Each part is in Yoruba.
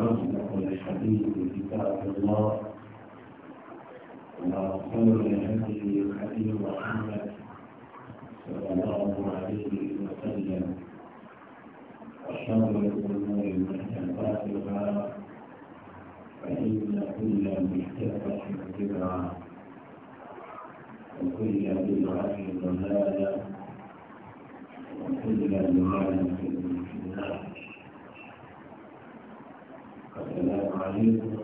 الرجل والحديث كتاب الله وخير الهدي هدي محمد صلى الله عليه وسلم وشر الامور محدثاتها فان كل محدثه بدعه وكل بدعه ضلاله وكل ضلاله àǹfààní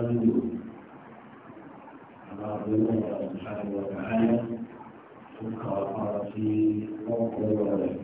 الرجل على ربنا سبحانه وتعالى تلك وقعت في وقوع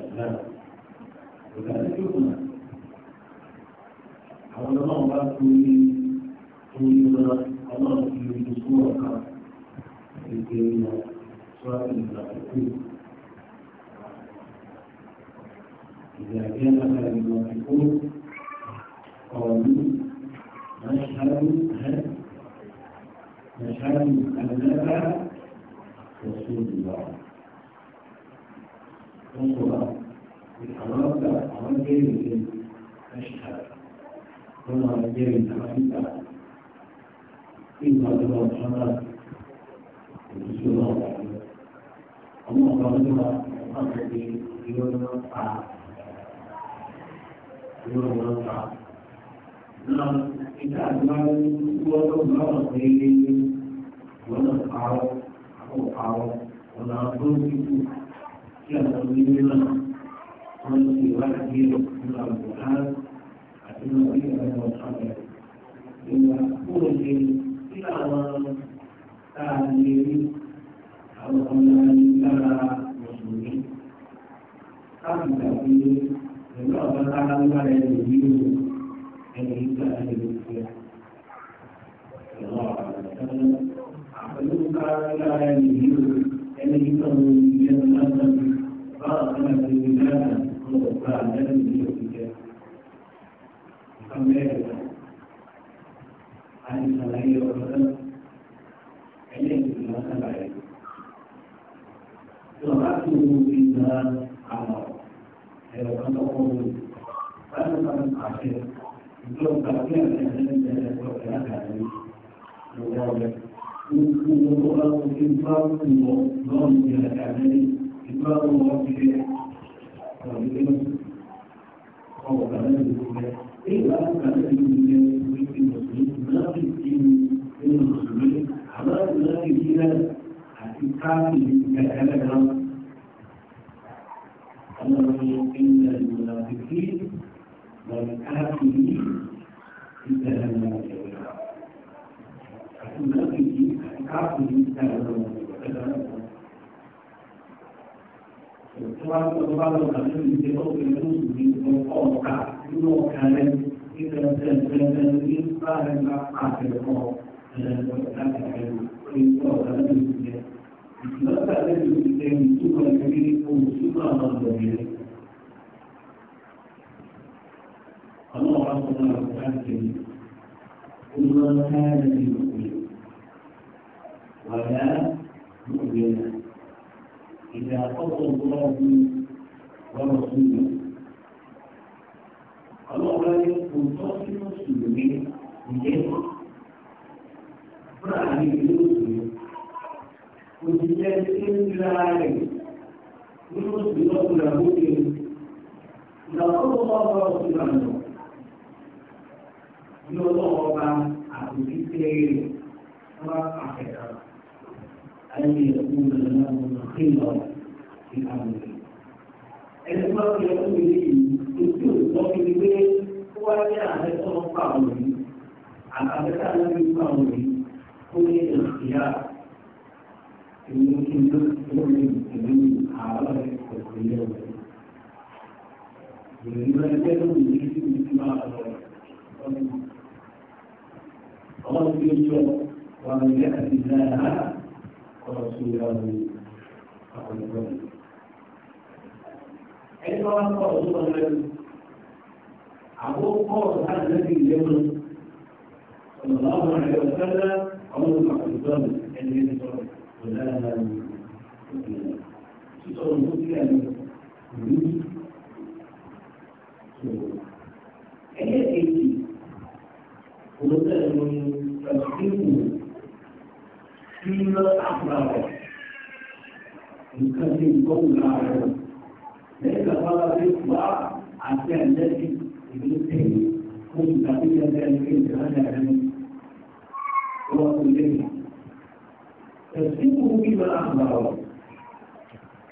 الإسلام وذلك يقنع حول الله لا تقولي تقولي الله في قصورك لكي سؤال المنافقين إذا كان المنافقون máa ń wọ́n tó máa ń pè é léyé wọ́n náà parọ́ àpò parọ́ wọ́n náà tó ń kíkù kí àwọn onílé náà wọ́n ń ṣe ìwádìí rẹ̀ nínú àgbò náà àti nínú orí ẹ̀rọ ọ̀tá rẹ̀. Ìgbà kúrò ní kí àwọn tá a lè rí àwọn ọmọ ẹni lára mùsùlùmí. Káàkiri àti ìlú ọ̀gá tá a lágbára ẹni آله أي توجيهات باطنة الولادة وبعد الزوجة فماذا عن صلاة وسلم عليه ما سبعين دعته بالله على أيوة تقول فأنا قد أعتقد لو تقول أن هذا هو الكلام وهو إنفاق مؤمن من الأعمال إنفاق مؤمن أو كلام إلا كلام المسلمين ما في الدين من المسلمين على لا يدين الكافر كأهلنا أنه إن المنافقين والكافرين في جهنم المنافقين káàkiri ìdájọ́ lọ́wọ́ tó bá tó bá lọ kà lórí ìdè ọ̀gbìn tó sì ní ọkọ̀ ọ̀ka nínú ọ̀ka rẹ̀ nígbà tẹ̀ tẹ̀ tẹ̀ ní bá rẹ̀ bá pàṣẹ kọ́ ẹ̀ ọ̀gá rẹ̀ lórí ọ̀gá rẹ̀ lórí ìlọ́ta lẹ́nu ìṣẹ́ ìtumọ̀ ìrírí ohun tí máa ma lọ yẹn. Àwọn ọ̀rọ̀ àwọn ọ̀rọ̀ àti ìlú. Olùwọ́n ká ẹ̀rọ ìlú ولا مؤمنا إذا قضى الله ورسوله الله لا يكون صاحب المسلمين من جهة فعلي بالمسلم وبالتالي كل العالم والمسلم رجل مؤمن إذا قضى الله ورسوله yóò lọ́wọ́ bá àbùkí tẹ́lẹ̀ wọ́n bá pàṣẹ kan. أن يكون لنا من في عمله عندما يقول لي تذكر الله في البيت هو يا هل توقعني عن أن تعلم هو الاختيار الاختيار يمكن تذكر لي من أعراف الخيرة ولما يكون لي في الاجتماع الله يجوع ومن يأتي لها ورسول الله عليه وسلم عندما قال رسول الله عبود قول هذا الذي يمن صلى الله عليه وسلم عمر بن عبد الظلم ان يذكر ولا تصور مسلم هي ايتي ومثلا تفكيره فيما أخبره يكلم قول العالم ليس قال يطبع حتى الذي يبنيه كل بقية ذلك الجهل عليه وكله تصدقه بما أخبره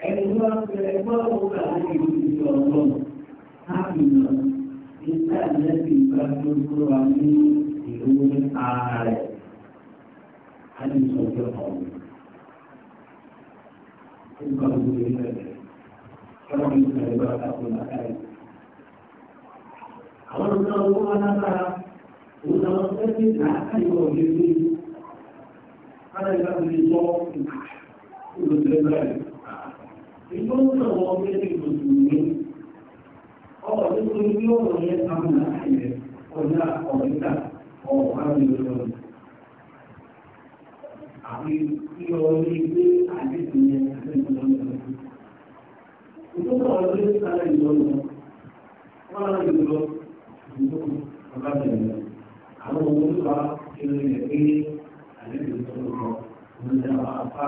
عندما تأمره بهذه الإشارة حكم الإنسان الذي يفهم القرآن بدون تعالى Annabi sallallahu alaihi Àwọn ọ̀dọ́ ọgbọ́n alágbára, òun náà fẹ́ sí làákàyọ̀ òye ní aláìláàbí sọ olùsẹ̀lẹ̀. Ìgbó ń sọ wọ́n fẹ́ sí ìgbòsùnmí. Ọ̀pọ̀ tó tó ní ọ̀rọ̀ yẹn àwọn àìyẹ ọjà ọ̀rẹ́ta ọ̀pá ìlú lọ́nà àti kí ọ̀rọ̀ ní pé àdéhùn yẹn àti ìjọba ìjọba. Òtútù ọ̀rọ̀ tó ń sáré ìjọba wọn lọ ìjọba ìjọba ọba bẹ̀rẹ̀ àwọn ohun tó wà nínú ilẹ̀ pé àdéhùn tó ń kọ wọn dá apá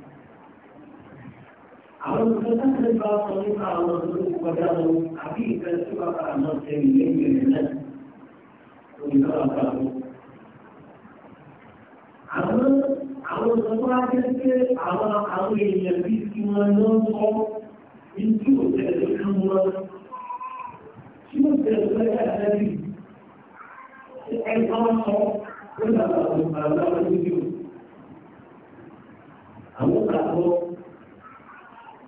àwọn olùkọ́ta ń bá sọ nípa àwọn olùkọ́ kọjá lọ àbí ìfẹ́ sí bàbá àwọn ṣe ilé ìgbèrè náà olùkọ́ àgbà lọ. Àwọn àwọn olùkọ́ ajẹ́ pé àwọn àwọn èèyàn bí ti wọn lọ sọ ní tí ò tẹ̀lé fún wọn. Tí ò tẹ̀lé lọ́yà lẹ́bí ẹ̀ka sọ ó dàgbà lọ́wọ́ lójú. Àwọn kàkọ́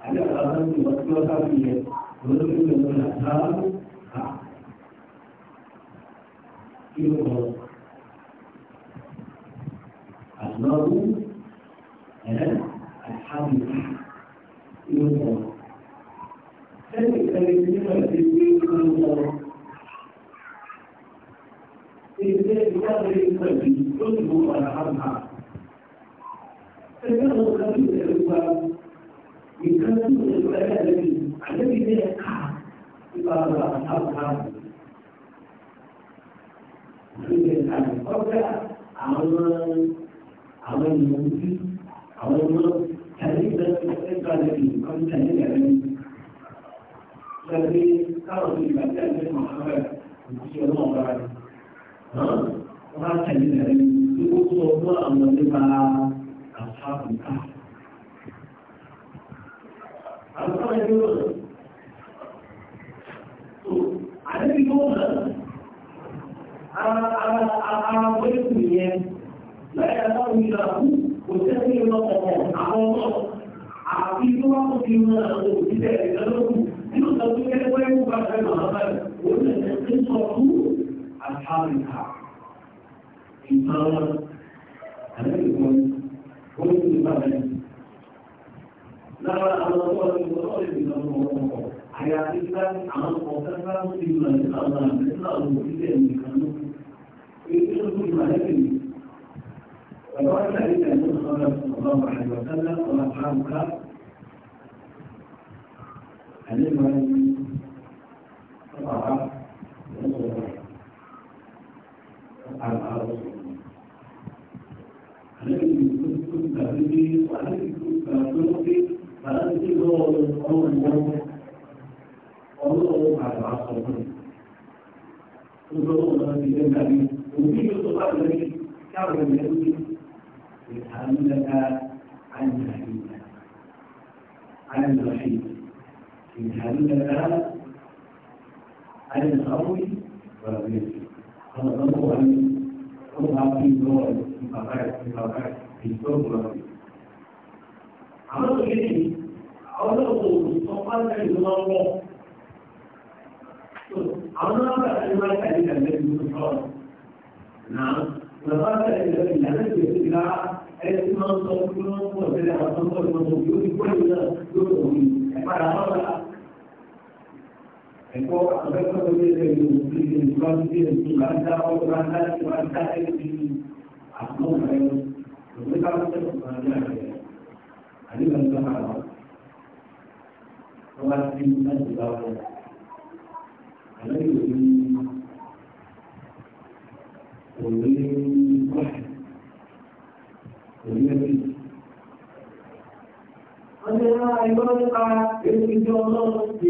ada alasan buat kami ya untuk mengenal hak ilmu Allahu dan Alhamdulillah ilmu dan kita ini berarti ilmu Kita kita beri pergi untuk mengenal hak. Kita harus beri pergi nǹkan tó ń lò lẹ́yìn àlejò àlejò ilé ẹ̀ka nípa ọ̀rọ̀ àtàkùnrin àti ilé ẹ̀ka ní ọ̀gá àwọn àwọn ènìyàn ojú àwọn ọmọ tàbí ìgbésẹ̀ ẹ̀ka lẹ́yìn nǹkan tàbí ìgbésẹ̀ lẹ́yìn káwọn ìgbésẹ̀ lẹ́yìn ọ̀gá òṣìṣẹ́ ọmọ ọ̀gá rẹ̀ wọ́n á tẹ̀lé lẹ́yìn tó kó sọ fún àwọn nípa àtàkùnrin àwọn ọmọ ẹgbẹ́ yóò lọ. tó àdébí tó lọ ara ara ara wẹ́ẹ̀kù yẹn láyé àtàwọn ìlà kú kò sẹ́ni lọ ọ̀pọ̀ àwọn ọmọ àfi tó wà kó fi wọn àwọn òṣìṣẹ́ ẹ̀ka lókù nínú لقد أمرت بالمطالب من الله حياتك عن قوتك مسلما لله مثل أبوك أنك يجب كل ما يجب فقال ذلك أن صلى الله عليه وسلم وأصحابك أن يفعل طبعا عليه كنت تبدي وعليه كنت تبدي فلم يكن القول اليوم وهو بعد عشر سنين يقولون في جنة وفي الصلاة التي كان من يدرك يسألونك عن الحديث عن الرحيم يسألونك عن الخوف والرزق هذا هو عن هو عن في دور في مقاعد في مقاعد في دور àmọ́ tó lé ní àwọn náà kò sọ pátá ìlú máa ń wọ̀. àwọn náà bá ti máa tẹ̀lé ìdàgbẹ́ ìlú tó sọ̀rọ̀ náà wọ́n bá tẹ̀lé ìdàgbẹ́ ìlànà ìlú tó ga ẹni tí wọ́n sọ fún wọn pọ̀ tẹ́lẹ̀ àwọn tó ń bọ̀ lọ́wọ́ yóò ti pọ̀ ìlú náà yóò tó wí ẹ̀pàdà lọ́la. ẹ̀kọ́ akẹ́kọ̀ọ́ tó lé lẹ́yìn òkú ìlú tó حديث عن الجماعة طبعا في الناس بقى علي من ومن وحي ومن بيت أنا عبارة قاعد إن شاء الله في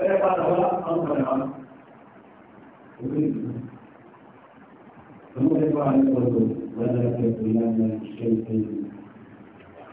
أي قاعد ولا أنظر عنه ومن ثم يقع عليه ولا تكن لنا شيئا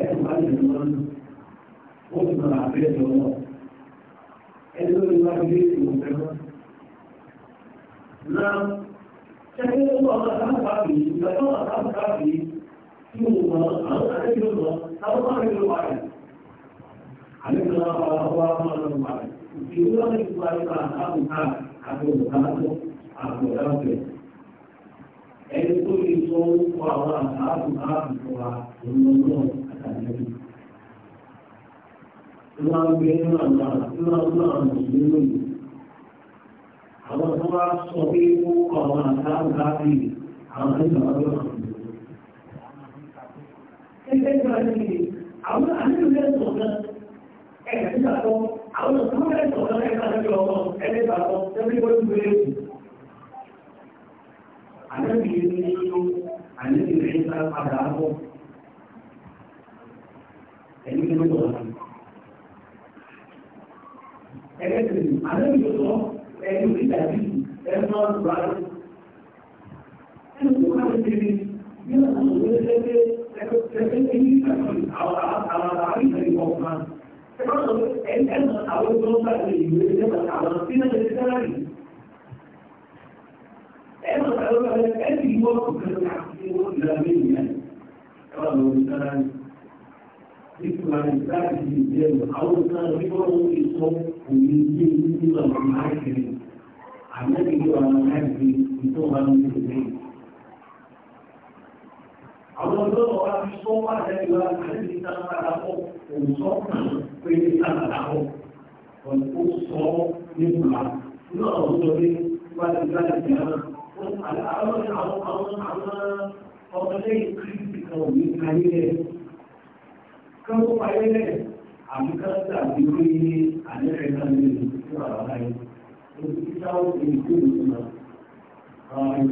ẹ̀sùn bá lè lọ́wọ́ ó sì máa bẹ́ẹ̀ lọ́wọ́ ẹni tó lè wá ilé ìwò fẹ́ràn. Náà ṣẹ́gbẹ́ tó wọ́n máa sáà bá mi ìgbà tó wọ́n sáà bá mi tí mo mọ àwọn akẹ́kẹ́ lọ táwọn máa ń lọ wà rẹ̀. Àlejò náà wà wá máa lọ wà rẹ̀. Ìṣèlú náà ti wá nípa àbùkù àbùkù àbùkù àbùkù àbùkù ẹni tó lè sọ orúkọ àwọn àbùkù àbùkù wa òun lọ́wọ́ àdébí. Ìwà ń gbé nínú àwọn àdúrà nínú àwọn ìlú lónìí. Àwọn tó wá sọ pé ó kọ àwọn àtàkùn láti àwọn àdúrà lọ́wọ́ àwọn ìlú. Ẹgbẹ́ ìgbà ni àwọn àdúrà lẹ́sọ̀ náà ẹ̀ka nígbà tó àwọn òṣèlú lẹ́sọ̀ náà ẹ̀ka lẹ́sọ̀ ọmọ ẹ̀lẹ́gbà tó tẹ́lẹ̀ wọ́n ti wọlé kù. Àdébí ni àdébí rẹ̀ ń sá padà bọ̀ ẹni tó lọ wà. ẹlẹ́sìn àlẹ́ yóò sọ ẹni tó dà bí ẹni tó lọ wà. ẹni tó kọ́ ẹni tó ní ọ̀sán ló ṣe ṣe ẹgbẹ́ ẹni tó ní àwọn àwọn ìṣẹ̀lẹ̀ kọ̀ọ̀kan. ẹgbẹ́ ọ̀sán ẹni tó ń àwọn tó ń bá nípa àwọn náà nígbàwọ́ ìsọ òní yé nígbà máàkiri àmẹ́kìlú àwọn máàkiri ìtọ́ wa ní ìlú àwọn ọlọ́wọ́ wa fi sọ wá sọ nípa náà ọ̀sọ́ ní wájú láti jẹun àwọn àwọn àwọn ọmọdé kìrìtì kan ò ní káyé kan tó rẹ̀ àmì kan tàbí ní àlẹ́rẹ̀ ní ìlú tó wà láyé tó ti sọ ní ìgbà tá wọ́n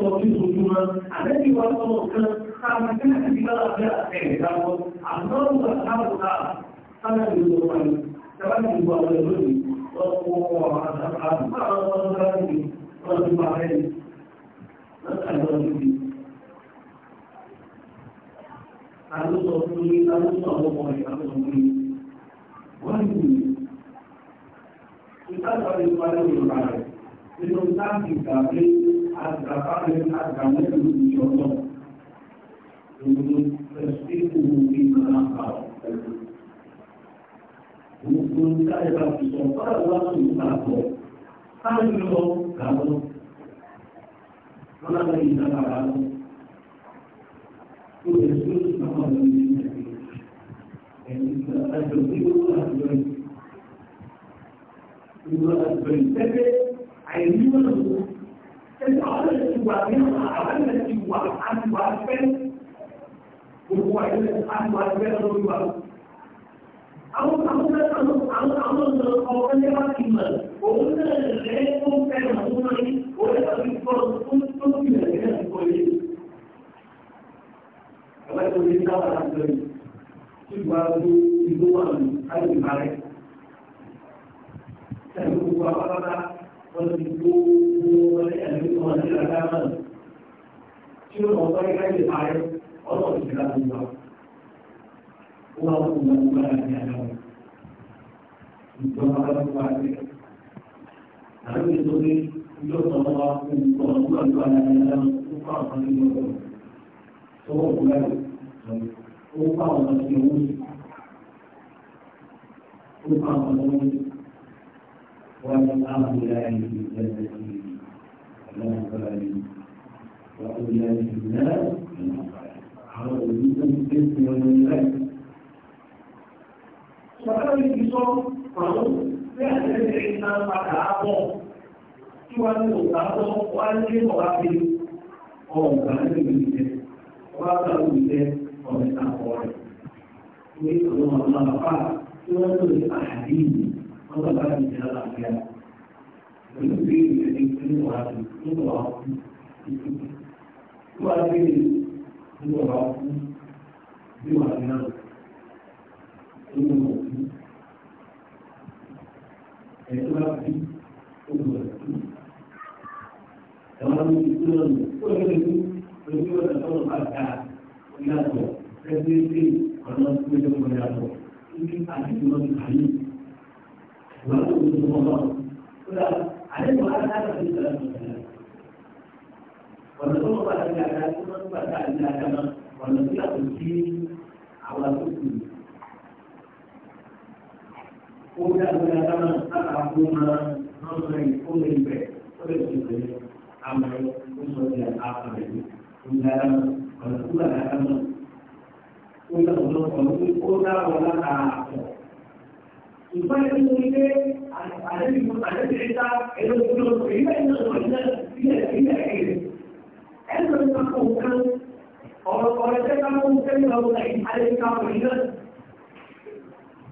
sọ ní ojúmọ́ àbẹ́bí wa sọ kan àti ìgbàlá fẹ́ àtẹ̀yẹ̀ dáwọ́ àbúrò àtàwọn náà sábà ìlú wọn tẹ́wọ́n ní àwọn ẹ̀rọ واتقوا وتفعلوا ما أرضى هذه رجل عليه نسأل رجل أن يصلي أن يصلي أن يصلي وأن Kita dari pada berbagai, tentang kita ini ada kalian ada menjadi contoh. Dulu pasti mungkin melampaui. gbogbo káyọ̀ká fi sọ fọ́nà wá sí ìgbà pọ̀ káyọ̀ lọ gàmọ́ wọn lábẹ́ ìgbà bàbá lọ tó lè tó lè sọ fọ́nà lórí ìgbà ẹ̀yìn ìgbà àjọ tí ó wà lọ yìí ìgbà àjọ yìí tẹ́tẹ́ àìní wọn lọ tẹ́tẹ́ àwọn ẹ̀rọ ti wà ní àwọn ẹ̀rọ ti wà àti wà fẹ́ gbogbo àìlẹ̀ àti wà fẹ́ lórí àwọn àwọn àwọn àwọn àwọn ọ̀kan ní wá ti mọ̀ òun náà lẹ́ tó fẹ́ràn àwọn ọmọ yìí òun náà fi kọ́ tó tó fi rẹ̀ ní àdúgbò yìí. Bàbá tó lè dá wà láti lọ yìí tí ìgbà tó ìlú اللهم ما له ìjọba àdúgbà rẹ̀. Àwọn ètò ní ilé ọ̀sán wa fún ọ̀rọ̀ àdúgbà nàìjíríà tó fà ọ̀sán ní ọ̀rọ̀ tọwọ́ òkúlẹ̀ ó fà ọ̀sán ní owó yìí. Ó fà ọ̀sán ní owó yìí. Wọ́n ní àwọn ìlà ẹ̀yìn ìjẹ́sẹ̀ sí ọ̀lànà ìjọba yìí. Wọ́n ní ìlà ẹ̀yìn ìjẹ́sẹ̀ sí ọ̀lànà ìjọba yìí. Àwọn òbí tó ń gbé sí ọ̀nà àwọn bí àtẹ́lẹ̀ iná padà ápọ̀ tí wọ́n ní òkà wá ní ọ̀rá fi ọ̀gá ní ìgbìyànjẹ́ ọ̀rá tó ìgbìyànjẹ́ ọ̀rẹ́ àkọ́ rẹ̀ ní àwọn ọ̀nà ẹni ọ̀nà tó lọ́nà ká ti àdá tó lọ́nà bàtà ní àdá náà ọ̀nà tí a kò sí àwọn àtúntò ó dá lórí adámà látàkó máa ń sọ yìí ó lè bẹ̀ ó lè tún bẹ̀rẹ̀ àmọ́ ó sọ yìí àpàlẹ̀ yìí ó dá adámà ọ̀nà tó wà ládámà ó dá ọ̀nà ọ̀nà ó dá ọ̀nà àtọ̀. Ìgbà yẹn tó ní pé àdébìmọ̀ àdébìmọ̀ ta ẹ̀rọ ìgbìmọ̀ èyí bẹ́ẹ̀ ní ọ̀nà ìlẹ̀ ìlẹ̀ ìlẹ̀ ìlẹ̀ ẹ̀rọ ìgbìmọ̀ kan ọ̀rọ̀ ọ̀rẹ́ tẹ́ka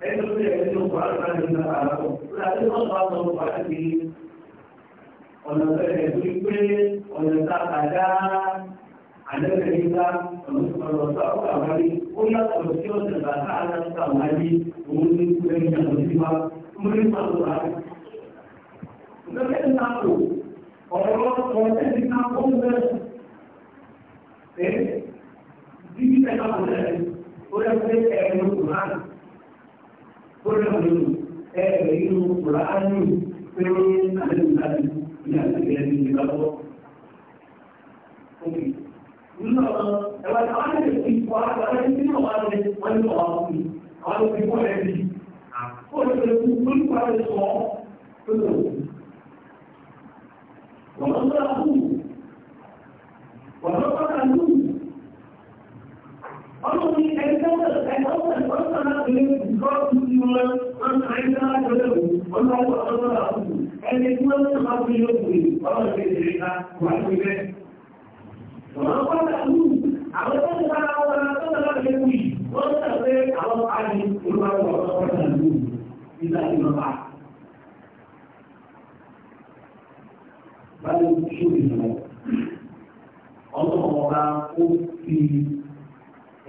ẹni tó yẹ kí ló wà lọ́wọ́ ní ìlú àlọ́ ìlú àti wọn bá lọ wà ní ọ̀nà bẹ̀rẹ̀ tó ń pé ọ̀nà tá a dá àlẹ́bẹ̀rẹ̀ nígbà ọ̀nà tó lọ sọ àwọn àwárí ó yàtọ̀ sí ọ̀sẹ̀ bàtà aláǹkà wáyé òun ní ìgbẹ́ni àwọn ìdíwá mú ní pàtó rà. Ìgbẹ́ni náà kò ọ̀rọ̀ ọ̀rọ̀ ẹni náà kó ń bẹ̀rẹ̀. Ẹ dídí ẹ̀ka kò lẹ́yìn ó yẹ kó ẹ̀rọ kò náà bóyá mi ẹ ẹ Also the example and also the personal being brought to human on China level, on our other level, and it was not be looking for the data right with it. Mengapa tak dulu? Awak tak tahu orang tak tahu lagi. Orang tak tahu kalau ada orang orang tak tahu. Tidak dimakan. Baru sudah. Allah orang pun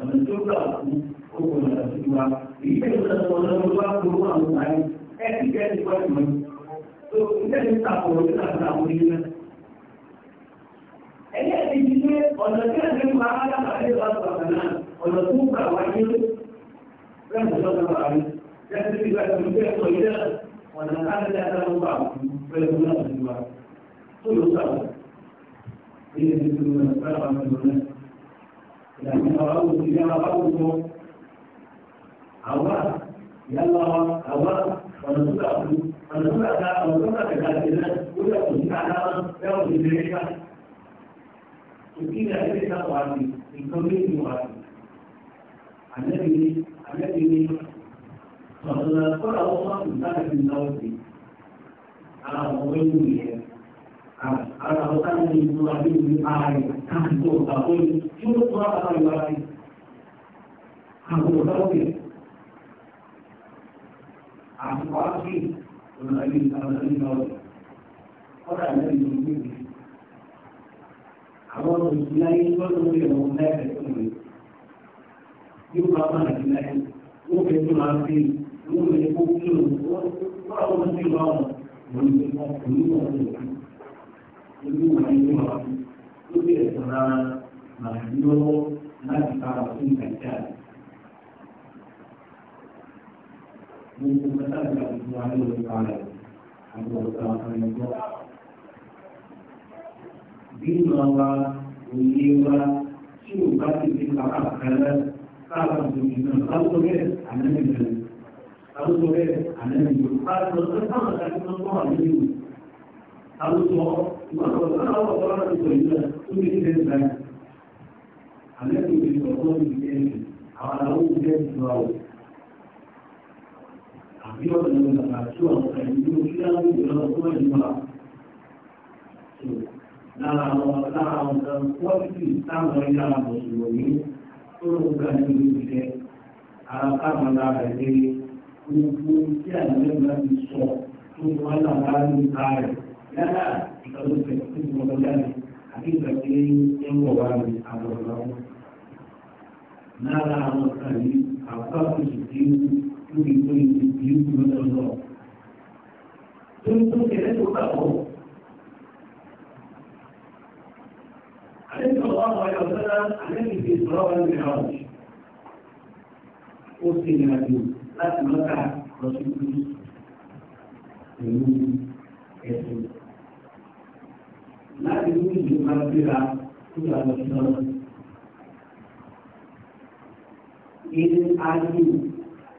ọ̀nà tó gbà kú ó kò lọ sí wa èyí tẹ̀lé tó sọ lọ́wọ́ wá gbogbo àwọn àyè ẹ̀ kì í kẹ́ ẹ̀ wáyé mọ́ tó ilé ní tàkùn òní láti àwọn ilé náà. ẹ̀yẹ́ ti di pé ọ̀nà tí a ti ń pa alábàáyé wa sọ̀rọ̀ náà ọ̀nà tó gbà wáyé lẹ́yìn ọ̀nà káàkiri لكن أراه إذا أراه أواه يلا أواه ونسوله ونسوله ونسوله كذلك ولا تجد علامة لا تجد ريحة تكيل ريحة وعدي الكمين وعدي الذي الذي فقد قال الله سبحانه في النوم على موضوعه ara ní ìlú àdéhùn ààrẹ káàkiri ọ̀tá òní tí ó tó àbára ìwà rẹ̀ káàkiri ọ̀tá òní àtùkọ̀ áfíì ọ̀nà ilé ìtàwọn ilé ọ̀rọ̀ àwọn òṣìṣẹ́ láyé lọ́dún orí ẹ̀rọ lẹ́ẹ̀kẹ́ tó lè yóò irú wọn ní wọn ló bẹ̀rẹ̀ sọ̀rọ̀ màdí lọ́wọ́ láti bá wọn fún ìgbàjà. Mo kò kọ́tà ìgbà tuntun wa ní orí pa rẹ̀ àti ọ̀gá ọ̀rẹ́ gbọ́. Bí ìmọ̀ wa, òye wa, tí ò bá ti fi kàkà kẹlẹ́, káàkiri tuntun náà, káàkiri bẹ́ẹ̀ àná nìkan. Káàkiri bẹ́ẹ̀ àná nìkan. Káàkiri bẹ́ẹ̀ àná nìkan. Káàkiri bẹ́ẹ̀ àná nìkan lára àwọn lára àwọn ní ìṣẹ́ tí àlẹ́ bá ti sọ tó wọ́n lára ní lára ìtọ́lọ́sẹ̀ tí mo lọ jáde àti ìgbà tí ń wọ̀ wá mi àwọn ọ̀rọ̀ wọn. lára àwọn kan yìí àwọn àkókò tí ó ti tó ìlú tí ó ti lọ́dọ̀ lọ. tó ń tó kẹ̀lẹ́ tó bá wọ̀. àlejò àwọn àwọn ẹ̀yọ̀ sọ́dá àlejò ti sọ̀rọ̀ wọn ní ọ̀rọ̀ ó ti rìn láti lọ́ta lọ sí pẹ̀lú ẹ̀sùn láti mú ìlú máa gbéra tó yà lọ sí ọ̀nà. Ilé ayé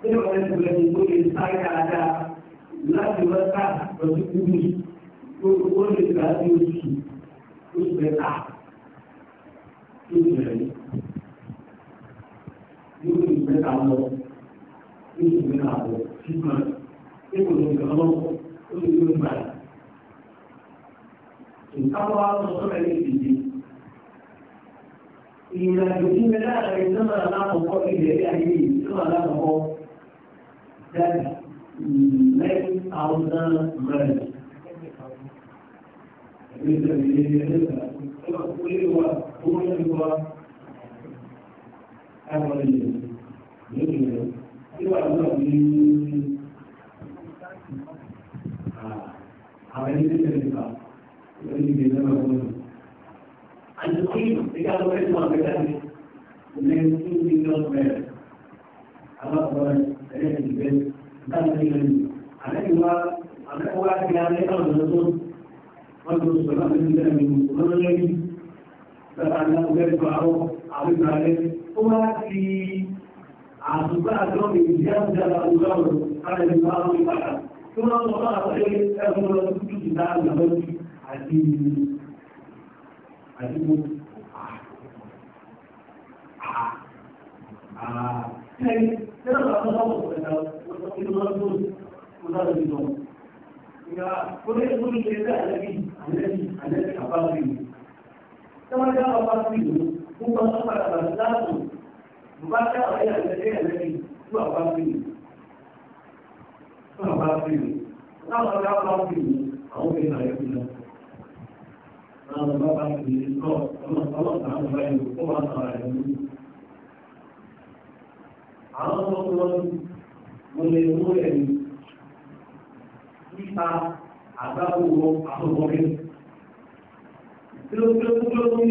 ṣé ọ̀rẹ́ ìgbẹ́ ni ó lè sáré dáadáa láti mọ́ta lọ sí kúrú ó lè gbà bí oṣù oṣù mẹ́ta tó bẹ̀rẹ̀ ní oṣù mẹ́ta lọ ní oṣù mẹ́ta lọ sí kan. kò lè gbà lọ́wọ́ ó lè gbà lọ́wọ́ nǹkan Ìrìnàjò tí àwọn mẹ́rin. Ẹgbẹ́ ìṣẹ̀lẹ̀ ẹgbẹ́ ìṣẹ̀lẹ̀ wa wani bai zama wani an ji kullum da ya zo kai ma ga dani ne su ne da su ne amma ba da ne da ne da ne ne anan ma anan wa ga ne da ne so wanda su ba da ne ne ko ne ne da ba na ga ko aro abin da ne kuma ki a su ba da ne da da da da ana da ma ba kuma ba ba da ne da àti àdúgbò Tẹ́lẹ̀ tẹ́lẹ̀ ọ̀pọ̀ ọ̀pọ̀ ọ̀pọ̀ ọ̀pọ̀ ọ̀pọ̀ ọ̀pọ̀ ọ̀pọ̀ ọ̀pọ̀ ọ̀pọ̀ ọ̀pọ̀ Ya, boleh boleh cerita lagi, lagi, lagi apa lagi? Sama dia apa lagi? Bukan apa bahasa tu, bukan apa yang ada lagi, tu apa lagi? Tu apa lagi? Kalau ada apa lagi, aku tidak ada. Àwọn ọmọ bá ti lè kọ́ ọmọ ọlọ́pàá àwọn ọmọ ẹ̀rù kó wà sọ̀rọ̀ ẹ̀rù. Àwọn ọmọ wọn mo lè mú ẹ̀rù nípa àgbáwò àwọn ọmọ ẹ̀rù. Tí ó tí ó tí ó ní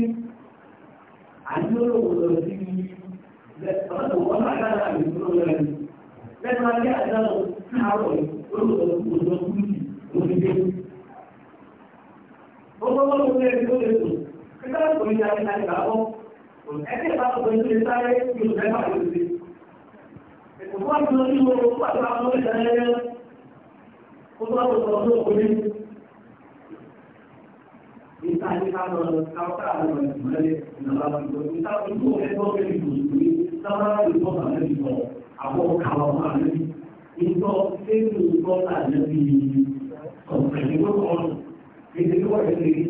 àjọyọ̀ lọ sí ọ̀dọ̀ wọn lágbára ìgbòho rẹ̀. Lẹ́nu ayé àjọyọ̀ káàrọ̀ olùdókòwò lọ́kùnrin òṣèlú. Gbogbo ọmọ ilé ẹni tó lè sùn, kíkọ́ ìpòlì ìyàwó ìlànà ìgbàgbọ́. Ẹgbẹ́ ìbátan pẹ̀lú ilé sáré yóò mẹ́fà lórí sí. Ìpòlì wọn lọ sí owó pàtó àwọn ọmọ ìṣẹ̀lẹ̀ yẹn. Gbogbo ọmọ ìṣẹ̀lẹ̀ ọdún òkúlé. Ìta ní ká lọ káwọ́ká àwọn ìmọ̀lẹ́ èdè tó wà lẹ́sẹ̀ rí.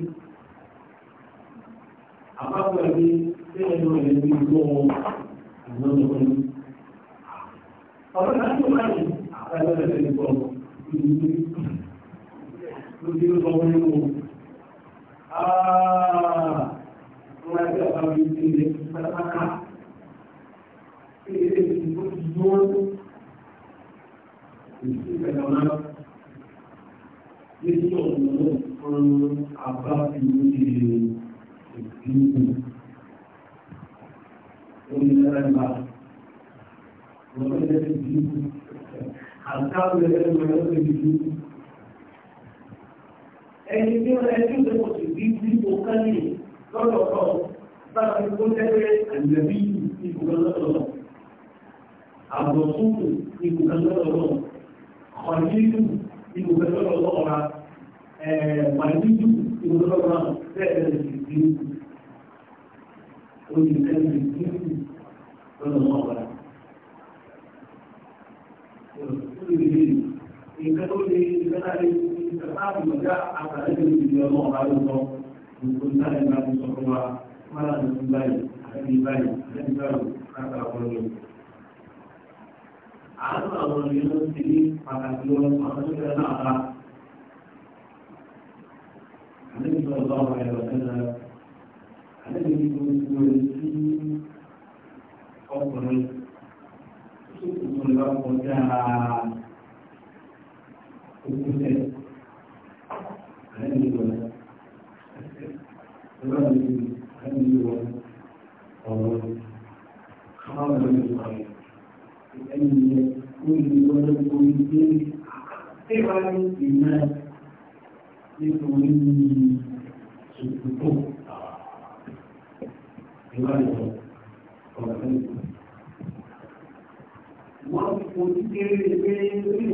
Àpapọ̀ ẹ̀mí tí wọ́n lọ rẹ̀ ní ìlú ọmọ àwọn ọmọ ní. Ọ̀rọ̀ náà tó wà ní àpapọ̀ ẹ̀sẹ̀ ní bọ̀ ìlú ló dé ló sọmọ nínú. Wọ́n máa gbé ọ̀pá mi sí ilé pátápátá. Ilé ìlú tó ti yọ́ ìlú ìgbẹ̀dọ̀ náà. Ilé ìlú ọ̀nà fún apá ìwé ìdínkù onílẹ́rẹ́gbà lọ́wọ́lẹ́ ìdínkù àtàwọn ẹgbẹ̀rún lọ́wọ́ ìdínkù ẹni tí ó rẹ̀ tí ó lè pọ̀ sí ìdínkù kálí lọ́dọ̀ọ̀tọ̀ bá a fi kó tẹ́lẹ̀ àjẹ́bí ìbùkún lọ́dọ̀ọ̀tọ̀ àbọ̀tún ìbùkún lọ́dọ̀ọ̀tọ̀ ọ̀nìyàn ìbùkún lọ́dọ̀ọ̀tọ̀ màlúù ìmúlọ́gbà bẹ́ẹ̀ sì bí ó ní ẹ̀ sì bí lọ́nà wọn wà. Nǹkan tó lè gbẹ́dá lé ìgbàlá àbùmọ̀já àtàlẹ́ ìgbìyànjú ọmọ ọ̀la ló sọ, nǹkan tó lè máa ń sọ fún wa, máa ń lọ sí báyìí, àti báyìí, àti báyìí, káàkiri النبي صلى الله عليه وسلم الذي يقول في ọkùnrin tó kùtù lọ kọjá òkúta àlejò wọn lọ́wọ́ àlejò àlejò wọn ọ̀rọ̀ káwọn ọ̀rọ̀ ìsọ̀rọ̀ ẹni yẹn kó ìlú lọ́wọ́ ìgbé tí ní ìmọ̀ nítorí ṣòkòtò ìwádìí ọ̀rẹ́ wọ́n ti fojú kéré ti jọ òfin ní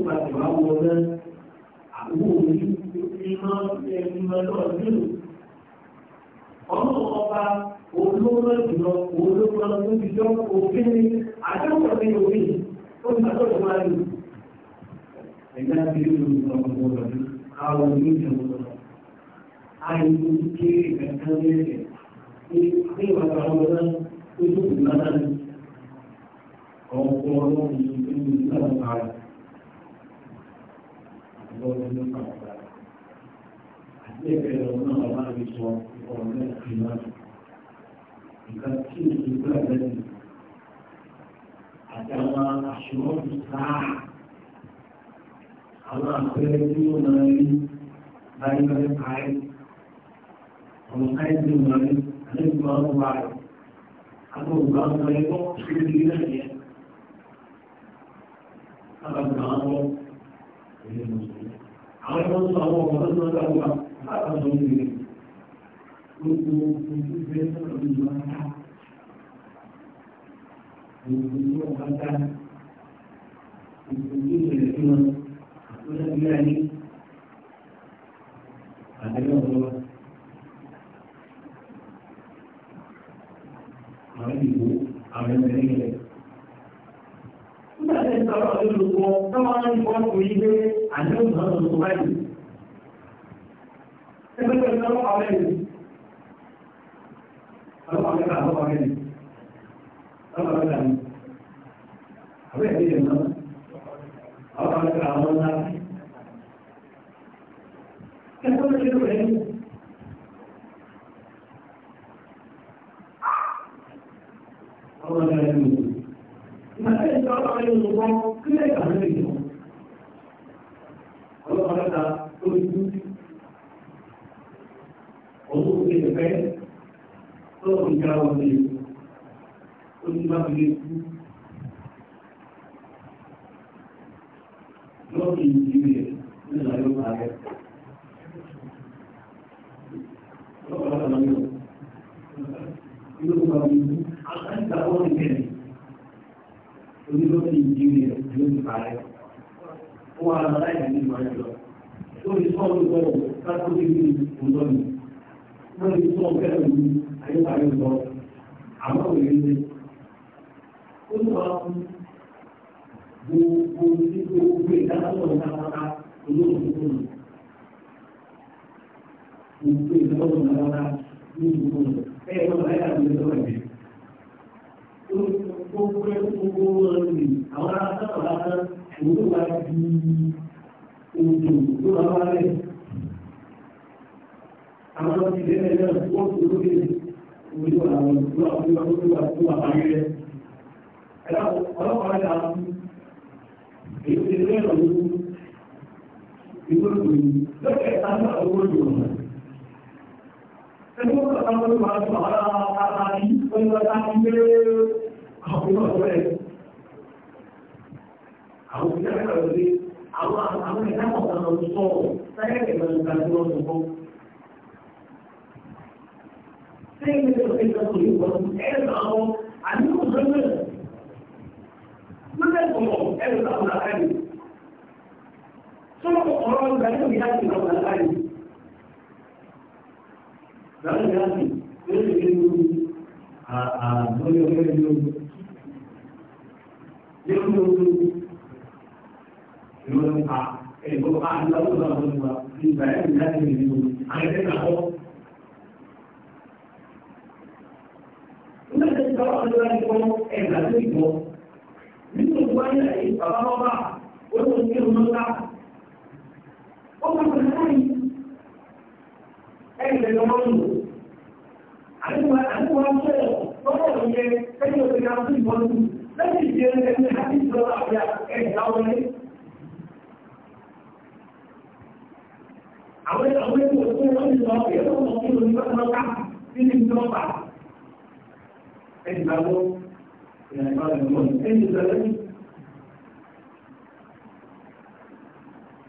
orí ó ti àjọpọ̀ máa lò ẹ̀yà tí ó ọdún àwọn ariwo ké ìgbàkan lẹ́rẹ̀ ní ìwàkà ọmọdé tó tó kù lára ní ọ̀pọ̀ ọlọ́run yìí tó ní ìlú àwọn ará àbúrò ní pàtàkì àti ẹ̀fẹ́ lọ náà wà máa fi sọ ọ̀rọ̀ náà fi máa nǹkan tí ó máa rí láyé láyé ومن حيث المعلم عليه الله معلم حتى الله عليكم في الدنيا فقد نعرض إلى المسلمين على من صار ومن صار هذا المسلمين كنت كنت في الجماعة كنت حتى كنت في الجماعة كنت يعني هذا هو àwọn ẹgbẹ́ nílẹ̀. Nígbà tí ń sọ̀rọ̀ olùkọ́ táwọn ń kọ́ kò yí pé àdéhùn náà ló tó báyìí. Ẹgbẹ́ tó ń àwọn ẹgbẹ́ Àwọn akẹ́kọ̀ọ́ àwọn ọmọ Àwọn akẹ́kọ̀ọ́ àwọn ọmọ Àwọn akẹ́kọ̀ọ́ àwọn ọmọ ẹni. Ẹgbẹ́ tó ń sọ̀rọ̀ kuma da yin mutu na kai da wata yin mutu kuma ya kama da yin wani farata kuma yi wani ìtàkùn ti bẹ̀rẹ̀ onídọ́sí ìdílé rẹ̀ ló ti parẹ́ ó wà láìpẹ́ nínú lórí sọ́ọ̀lù bọ́ọ̀lù kákó ti ní ìmúlọ́nù lórí sọ́ọ̀lù bẹ́ẹ̀ ní ayéparí lọ àwọn òye ní ó ní wàá fún gbogbo ní gbogbo ìdásọ́ọ̀lù kápáká olóòtú tó lò gbogbo ìdásọ́ọ̀lù kápáká ní gbogbo ẹ̀ ẹ̀ lọ́wọ́ láyé àti ìdásọ́ọ̀lù gbogbo ẹ̀kú gbogbo ọ̀rìn àwọn arákùnrin lásán òun ló wá di òjò ló wá wá rẹ̀. Àwọn ọmọ ìdílé ẹ̀ náà wọ́n tó lókè òjò àwọn ìlú àwọn ìlú àwọn ìlú àti wà báyìí rẹ̀. Ọlọ́pàá yà á kú. Èyí ti lé ẹ̀rọ ọkùnrin ọ̀dọ́ ẹ̀ àwọn òbí náà kọ̀ lórí àwọn àwọn ẹ̀dá kọ̀ọ̀kan lọ sọ sáyẹ́ ìgbà nípa tí wọ́n sọ Sẹ́yìn ní ọ̀sẹ̀ ìgbàgbọ́ yìí wọ́n ẹ̀rọ àwọn àdúgbò lọ́gbẹ̀rẹ̀. Lọ́gbẹ̀rẹ̀ kọ̀ọ̀ ẹ̀rọ àwọn àkáyè. Sọ́nà ọ̀rọ̀ ìgbà yóò yá sí àwọn àkáyè. Lọ́gbẹ̀rẹ̀ yá sí, ó lè rí lórí àgbọ̀yọ̀ lórí lórí lórí ojú ìwé nípa ń lọ lọ́wọ́ lò. Àdúgbò àdúgbò wa lẹ́yìn ìdíyẹ ẹni láti ìjọba àti ẹ̀dá wọlé. Àwọn àwọn ẹgbẹ́ òṣèlú wọn ti lọ ọ̀rẹ́ tó mọ̀ nínú nípa tó ká nínú ìjọba. Ẹni gbàgbọ́ ìrìnàjò àgbẹ̀mọ̀ ẹni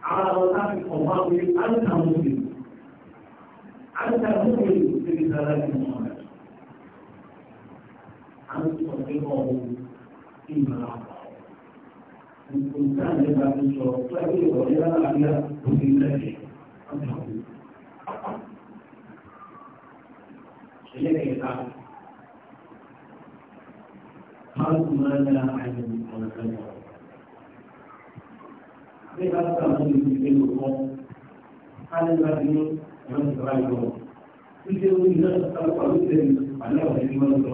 Àwọn àwọn láti kọ̀ wá ìmọ̀ nǹkan nípa ti sọ pẹ́lú ìwọ̀lẹ́ láàárín òfin lẹ́yìn ọjọ́ ẹlẹ́kẹ̀ẹ́ta kálukú máa ń dá àyè ọ̀nà kan lọ. bí a sọ àwọn olùdíje ló kọ́ kálíwá ní ẹ̀rọ ìgbà yọ. Ilé orí náà sọ pàlú tẹ̀lé àlẹ́ ọ̀rẹ́ ni wọ́n sọ.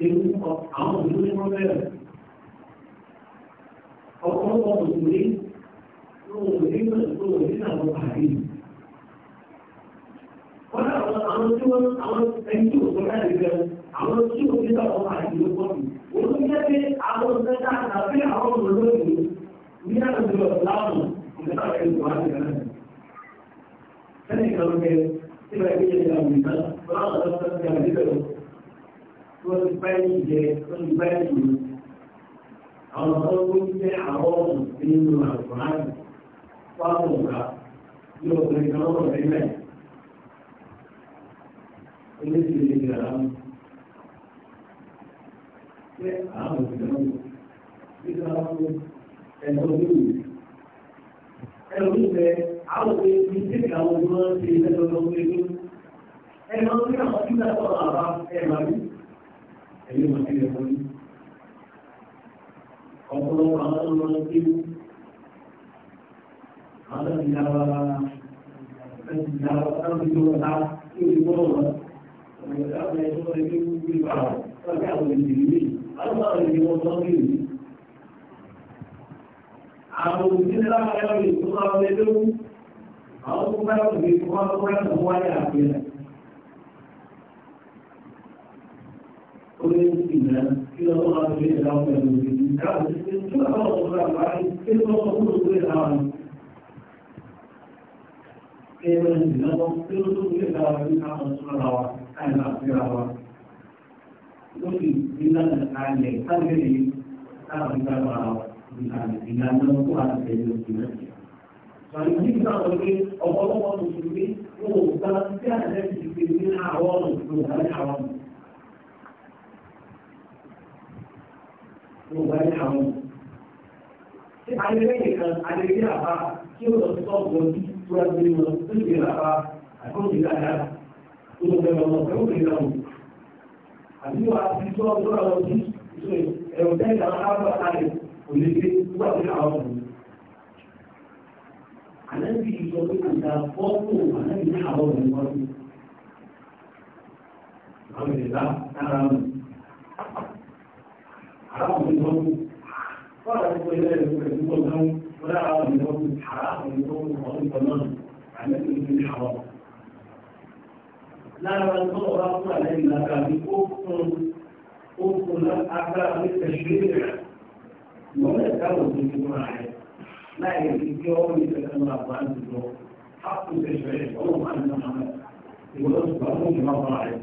ewu àwọn òṣèlú ní wọ́n bẹ̀rẹ̀. ọ̀pọ̀lọpọ̀ òṣèlú lóòrùn nínú lóòrùn nínú àwọn àrí. wọ́n dà àwọn àwọn tí wọ́n àwọn ẹni tí òṣèlú láti bẹ̀rẹ̀ àwọn tí ó ní àwọn àrí ló pọ̀ jù. olóyè pé àwọn òṣèlú àti àwọn olóyè ní àdúgbò láwùn ìjọba ẹ̀rọ àti ìrìn Sẹ́nìkan ló kẹ́ síbẹ̀ ìgbésẹ̀ ìjọba ìgbésẹ̀ láwọn ọ̀dọ́ tó ti bá ìjẹ tó ti bá ìlú àwọn tó ń jẹ àwọn ọ̀sùn nínú àgbáyé fáwọn ọ̀gá yóò fi kan wọ̀ nílẹ̀ oníṣèlú ìgbàlá mu ṣé àwọn òṣèlú nígbà wọn ẹ̀sọ́ nílùú ẹ̀rọ nígbà àwọn òṣèlú ní ṣèkà àwọn ọmọ ṣe ìdájọ́ lọ́wọ́ ẹgbẹ́ ẹ̀rọ nígbà wọn nígbà tó àwọn àbá ẹ̀ máa rí ẹ̀yìn màkìlẹ̀ wọn ní. ọ̀pọ̀lọpọ̀ àwọn ọmọ ọmọ kéwù àwọn ìyára ìyára táwọn ìjọba ta kí o ti gbọ́dọ̀ wọn. ọ̀pọ̀ ìyára ìjọba ta kí o ti gbà wọn. ọ̀pọ̀ àwọn ìdílé yìí àwọn àwọn ìdílé wọn tó ń bí àwọn òṣìṣẹ́ láwọn ẹ̀rọ ìtura ọ̀rẹ́ lóhùn àwọn tó bá yọ̀ ولكن إذا ضغط في الإعلام الموجود كانت كل هذا الضغط عليه كل ما تقول في الإعلام كيف ينظم كل ضغط في الإعلام من أحد الصلاة أنا أخبرها وفي بلاد العالمية تنبري أخبرها بلاد القرآن في المسجد فالمسجد الأولي أو أول مسلمين هو كان كان يجب من أعوام من أعوام ló àwọn ọmọ. Ṣé ayẹyẹ حرام منهم قال أبو إلهي يقول لهم ولا أعلم منهم حرام منهم وغير تمام عن أكل حرام لا من ضرب علينا كان كفر كفر أكثر التشريع ولا كانوا في الجماعة لا يمكن يوم يتكلم عن حق التشريع وهم عن محمد يقول أصبحوا كما قال عليه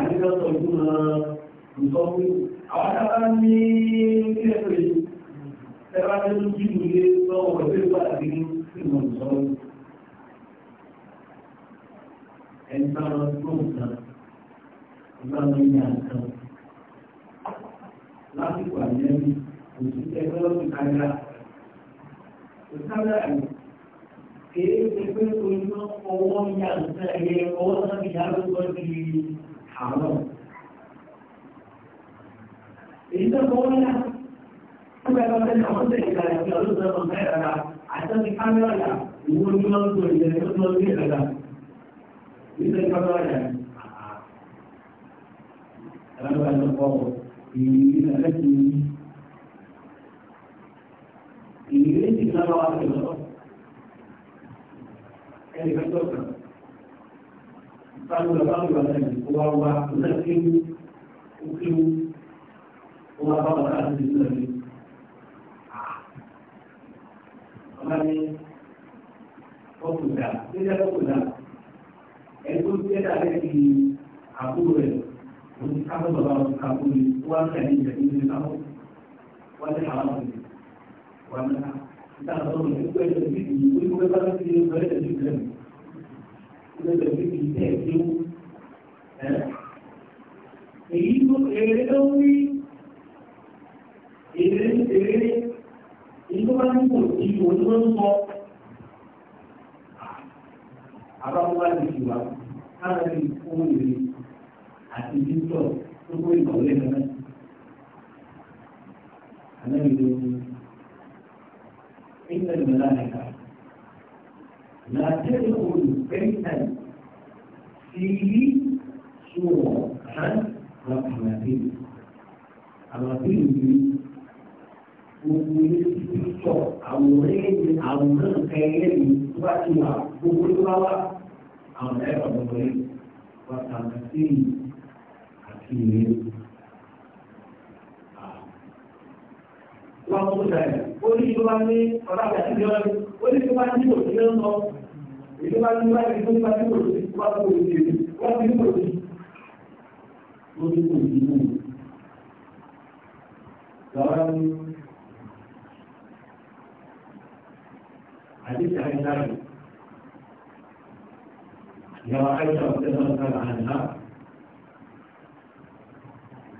àdínkọ́sọ ìgbóná nǹkan pé ní ilé ẹ̀kọ́ yìí tó ń jí mi lọ́wọ́ ẹgbẹ́ ìpàdé ní ìmọ̀ ìsọ́rọ̀ ẹni bá tó nǹkan ìgbà lọ ní àǹkan lásìkò àyẹ̀mí òsì ẹgbẹ́ lọ́sùn àwọn. èyí tó kọ́ wọ́n yá wọ́n bẹ̀rẹ̀ lọ́sẹ̀ ní àwọn tẹ̀lé ìgbà ìgbà ló sọ ọmọ ẹ̀rọ la àtẹ́ni kámẹ́rà yà ìwọ ní wọ́n tó ìjẹ́ tó tó ní ìrẹ̀lá ìṣe kámẹ́rà yà ẹ̀rọ la lọ́kọ́ ìrìnlẹ̀ ti ìrìnlẹ̀ ti lọ́wọ́ àti lọ́wọ́ ẹ̀rọ báwo lọ báwo lọ lẹ́yìn kó wá wá lọ kéwú ó kéwú ó wá bá wàhálà sí ìlú rẹ̀ ọba ní ọkùnrin nígbà ọkùnrin ẹgbẹ́ tí ẹ̀dá rẹ̀ di àbúrò rẹ̀ òun ká ló bàbá òun ká kú ni ó wá ń tẹ̀lé ìjẹ̀ ní ìlú náà wọ́n ti hàn án wọ́n ti hàn án nígbà tó ń lò ó pẹ̀lú ìdíje ìwé ìwé bá ti di ìwé ìdíje rẹ̀ lọ́dọ̀ tó. Èyí ló èrè ló wí, ló ń sọ. Àbáwọ́lá ti fi wá, لا تدخل بيتا فيه صورة عن رحمته الرحيم gbogbo ilé sọ àwòrán ẹni àwòrán kẹyẹ ni wá ti wà gbogbo ló bá wá àwọn ẹ̀rọ gbogbo yìí wá wọ́n mú sẹ́yìn ó ní ìjọba ní ọ̀làgbà ìjọba ó ní ìjọba ní òṣèlú ń ìjọba ní bá ìlú bá ní òṣì wá kó òṣì wọ́n ti ní òṣì ó ní òṣì náà lọ́wọ́ ní àdéhùn àìsàn ìyàwó àìsàn ọ̀sẹ̀ náà sára àná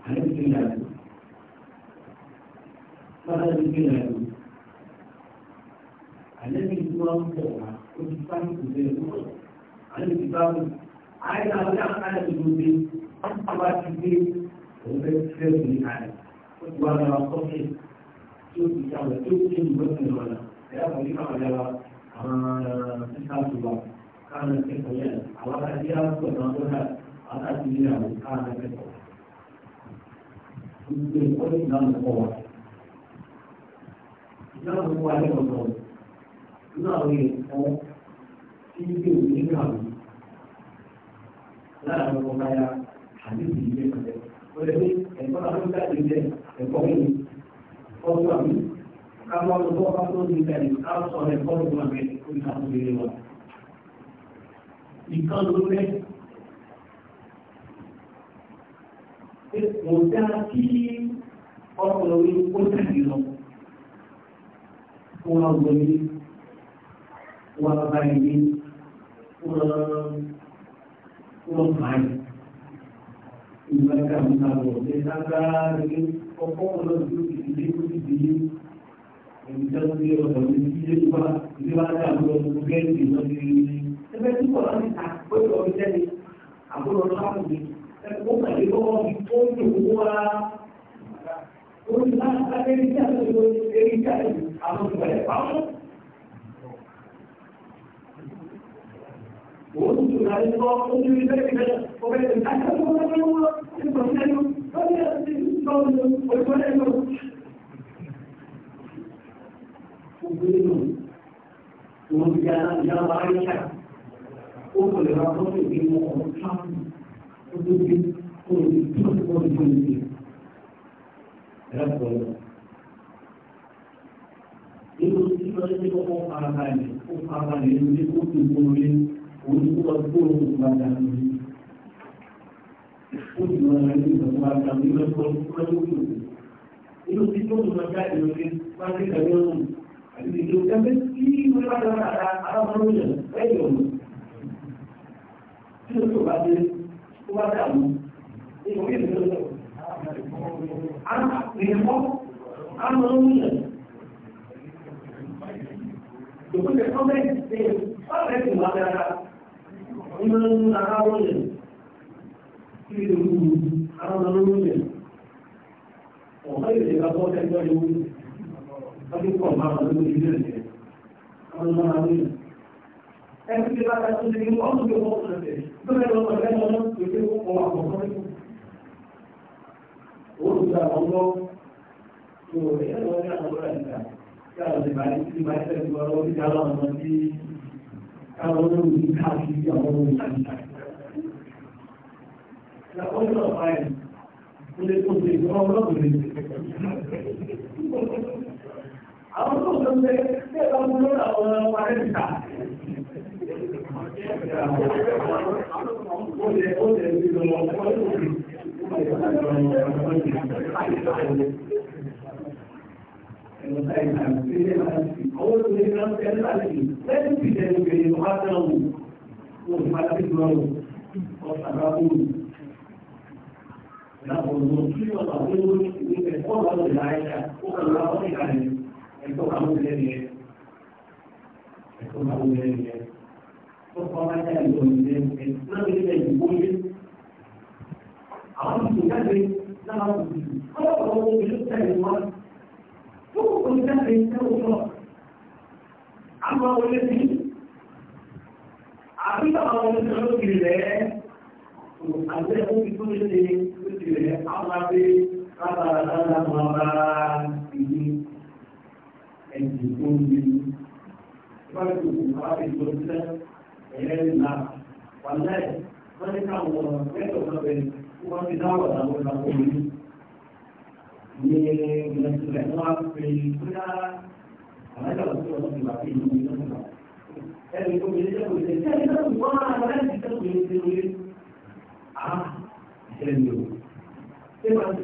àdéhùn ìyàwó sára àdéhùn ìyàwó àdéhùn ìyàwó àdéhùn ìyàwó ojú sáàmù kò lè lọ àlejò ti bá wù àìsàn àwọn tí a ká lè lò dé a bá ti dé òun fẹ́ fẹ́ lè ní àlẹ́ ó ti wá lọ́wọ́ sọ́kè tí ó ti sàwọ̀ tí ó ti ń bọ́ sí lọ́la ẹ̀yà kan ní káwọn yàrá àwọn ibi òní kàwé láàrin ọmọ báyà àdéhùn ìgbé kalẹ̀ ó lè ní ẹ̀kọ́ àdúgbà ìgbé ẹ̀kọ́ mi ọdún àmì káwọn ọdún ọba tó ní ìgbàlẹ̀ káwọn sọ̀rọ̀ ẹ̀kọ́ ọdún àmì ó ní àwọn obìnrin wa. ìkan ló fẹ́ mo dá kí ọkùnrin ó tẹ̀lé lọ fún àwọn obìnrin wọn bá yẹn kurang baik. Mereka menabur. Sehingga ini pokok menuju di sini di sini. Yang bisa dia berbagi dia juga di mana belum mungkin di sini. Tapi itu kalau kita kalau kita وانتم لا ينظرون انتم لذلك وبين احسن من الله انتم تنسوا فلا تنسوا وتنسوا ومن كان يرى عائشة وقل رسول في مؤمن وقل وقل وقل رسول Ibu sifat itu kau faham, kau faham ini, kau tuh olùkọ́ tó o ti máa dàbí yìí ó ti máa rẹ̀ ní ìgbàgbọ́ àgbàgbé lọ́sọ̀ lọ́sọ̀kù inú tí tó ń lọ jáde lórí pàṣẹ ìgbàgbé ọ̀hún àti ìlú ẹgbẹ́ tí wọ́n bá dára ara arábọ́n lóyè lẹ́yìn ọ̀hún tí ó tó bá dé tó bá dà mú inú kí ìlú lọ àpèmọ́ àmọ́ lóyè Ìjọba ìjọba ìjọba ìjọba ìjọba ìjọba nínú àwọn ọ̀rẹ́ tí ìlú àwọn olóòrẹ́ ọ̀pẹ́ ìrẹ́ ọkọ̀ ẹgbẹ́ ìlú ọdún pọ̀ máa wọ́n lórí ilé ẹ̀jẹ̀ àwọn ọmọ àwọn ẹni tí bá tàbí ní ọdún tó wọ́n fún ẹ̀ tó bẹ́ẹ̀ lọ́pọ̀ lẹ́nu ọdún tó ṣe ó kọ àkọ́kọ́ nínú olùgbà ọgbọ́ tó ẹ̀rọ ní àwọn ọ̀rẹ́ ìgbà tí a lè máa ń tí máa ń tẹ̀síwọ́ lọ́wọ́ káwọn olóòrùn ní káàkiri àwọn olóòrùn ìtàkìtà. Ìyàwó ìlọ báyìí, ó lè tó ṣe ìgbọ́n ọlọ́gbìn lè ṣe. Àwọn tó sọ pé ṣé ẹ̀rọ mú lọ́rọ̀ àwọn ọmọ rẹ̀ níta. Ó lè ó lè rí lọ ọkọ̀ lórí. Ẹ̀rọ táyà sí ilé láti, àwọn olóòrùn ní lẹ́yìn tí ìjẹ́ ìgbèrè wá náà wò ó ti máa ti lọ rò ọ̀sàrà òru ìyàbọ̀ lọ sí ọ̀nà tó ń lórí ìpínlẹ̀ ọ̀nà ọ̀sẹ̀ láyé ó kàn lọ àwọn ìkàlẹ̀ ẹ̀tọ́ àwọn ilẹ̀ yẹn ẹ̀tọ́ àwọn ilẹ̀ yẹn ó kọ́ máa jẹ́ ìlú ìlẹ̀ ẹ̀tọ́ ilẹ̀ ìgbó yé àwọn ìlú jáde náà wọ́n lọ́wọ́ ìlú tẹ̀lé wọn tó kò jáde tẹ́wọ́ náà àmọ́ olè sí àbíkà àwọn olè sí olókìrì rẹ̀ àti ẹ̀kọ́ ti tó lè ṣe olókìrì rẹ̀ àwọn abẹ́ rábàràdàdà máa bá ìlú ẹ̀jì tó ń bí ìbára tó kù àwọn abẹ́ ìjọ sílẹ̀ ẹ̀yẹ́ ńlá wà láì wọ́n ní káwọn mẹ́tọ̀ náà bẹ̀rẹ̀ wọ́n ti dáwọ̀ àwọn ìlànà òní ní ìlànà ìlànà àpè Mereka mesti orang pribadi yang minum minum. Eh, itu minum itu minum. Saya kita semua orang kita minum minum. Ah, jenuh. Sebab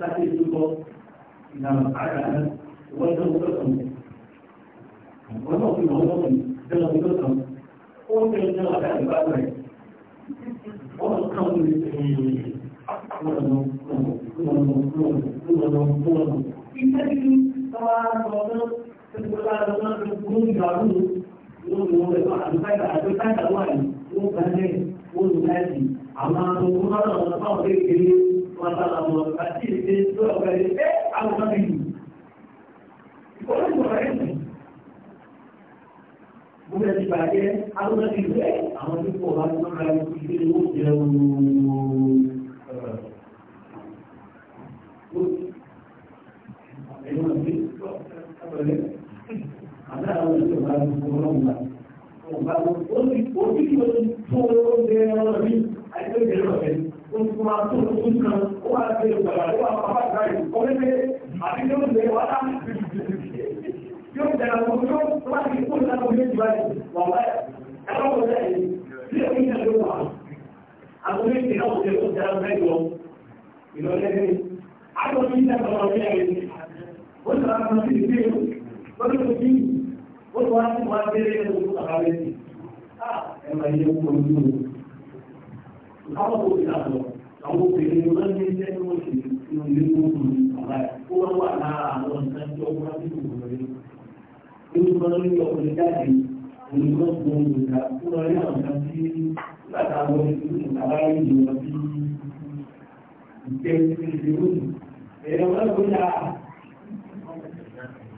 nípa Thank you táwọn ìlú bá ń kó lọ́wọ́ gbà. Ọ̀gbà ó ti kó tí kí o tó o jẹ ọ̀rọ̀ mi, àìsàn ìjẹ́ ọ̀rẹ́. O ti máa tó o tó kan, ó wá ṣe ìgbàlá, ó wá pàpà ìgbàlá ìkọ́lẹ́gbẹ́, àti yóò lè wá láti yóò dára wọn yóò wá sí kó lọ́nà omi ìjọba yìí wà wáyà ẹ̀rọ wọn lẹ́yìn tí èmi náà ló wà àwọn omi ìjọba wọn lè kó dára bẹ́ẹ̀ lọ ìlọlẹ́gbẹ́ ìjọba ìjọba wọn ó ti wá wá délé ní ojú kàkà lẹ́sìn ah, ẹ máa yẹ kó ojú àwọn obìnrin ni wọ́n iṣẹ́ tí wọ́n ṣe nínú ilé tó kù ní ó wá wà lára àwọn nǹkan tí ọkùnrin ti kù lórí nínú kan ní ọkùnrin jáde òní kan kò ń lò ká fún ọ ní àwọn nǹkan tí bàtà wọn ní ìlú bàbá yìí ni wọ́n fi ìjẹ́ ìṣèlú ẹ̀rọ wọn kò dáa.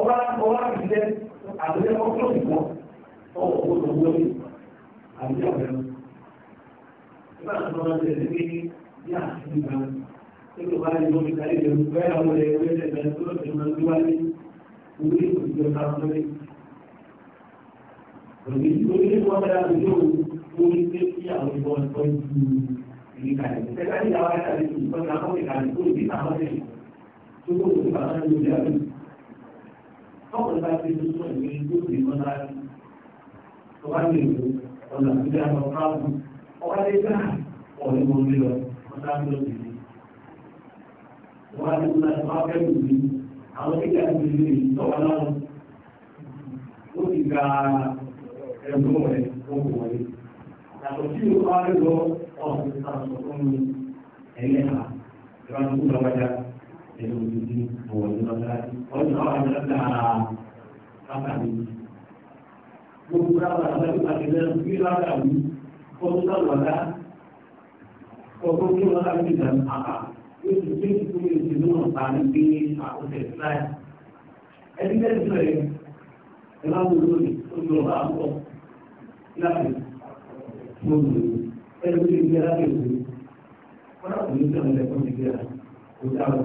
ọba ọba ìṣẹ́ àgbẹ̀lẹ̀ ọjọ́ ìwọ̀n ọwọ́ owó tó wọlé àbí ọ̀rẹ́ Nígbà tó lọ́wọ́ ṣe ṣe pé ní àṣírí kan tí kò bá ní lórí kárí ìlú bẹ́ẹ̀ àwọn ọ̀rẹ́ ẹgbẹ́ ẹgbẹ́ tó lọ́ọ́ ṣe máa ń orí ìgbìyànjú ọ̀tá lórí. Òní lórí ní wọ́n bẹ́ẹ̀ àbújọ orí pé kí àwọn ìbọn ọ̀tọ́ ju ìgbìkàlẹ̀. Ṣé ká ní àwọn àṣàlẹ̀ ìgbìkàlẹ̀ ọkùnrin bá ti dúró ìwé tó ti mọ́ láti tó bá lè ọ̀nà ìdí àwọn fáwọn ọba lè gbà ọ̀rẹ́ wọn lé lọ ọ̀sá ń lọ sílé. wọ́n á ti láti wá fẹ́ lùmí àwọn kíkà ti lè lè tọ́wọ́ láwọn ó ti ga ẹ̀gbọ́n rẹ̀ wọ́n kò wọlé. yàtọ̀ sí ìwọ́n á lọ ọ̀sán ìsàkóso ẹ̀yẹ́ ha ìrànlọ́wọ́ lọ́wọ́ pẹ̀lú ojúdí ọ̀wọ̀ ní ọ̀dájú ọ̀nà àwọn ọ̀dá pátánì. Gbogbo àwọn àgbàdo àti náà bí lára mi kọ́tún náà wọ̀dá ọdún tí wọ́n láti dà ní àpá yóò ti tún ìtú ìtú náà bá ní bí àkọsẹ̀ náà. Ẹni bẹ́ẹ̀ sọ yẹn, ẹ máa wọ lórí ojú ọba àbúkọ láti mọ ẹni tó ti gbé láti òkú. Wọ́n á kò ní sọ̀rọ̀ ẹ̀kọ́ ti gbé rà kó dáhùn.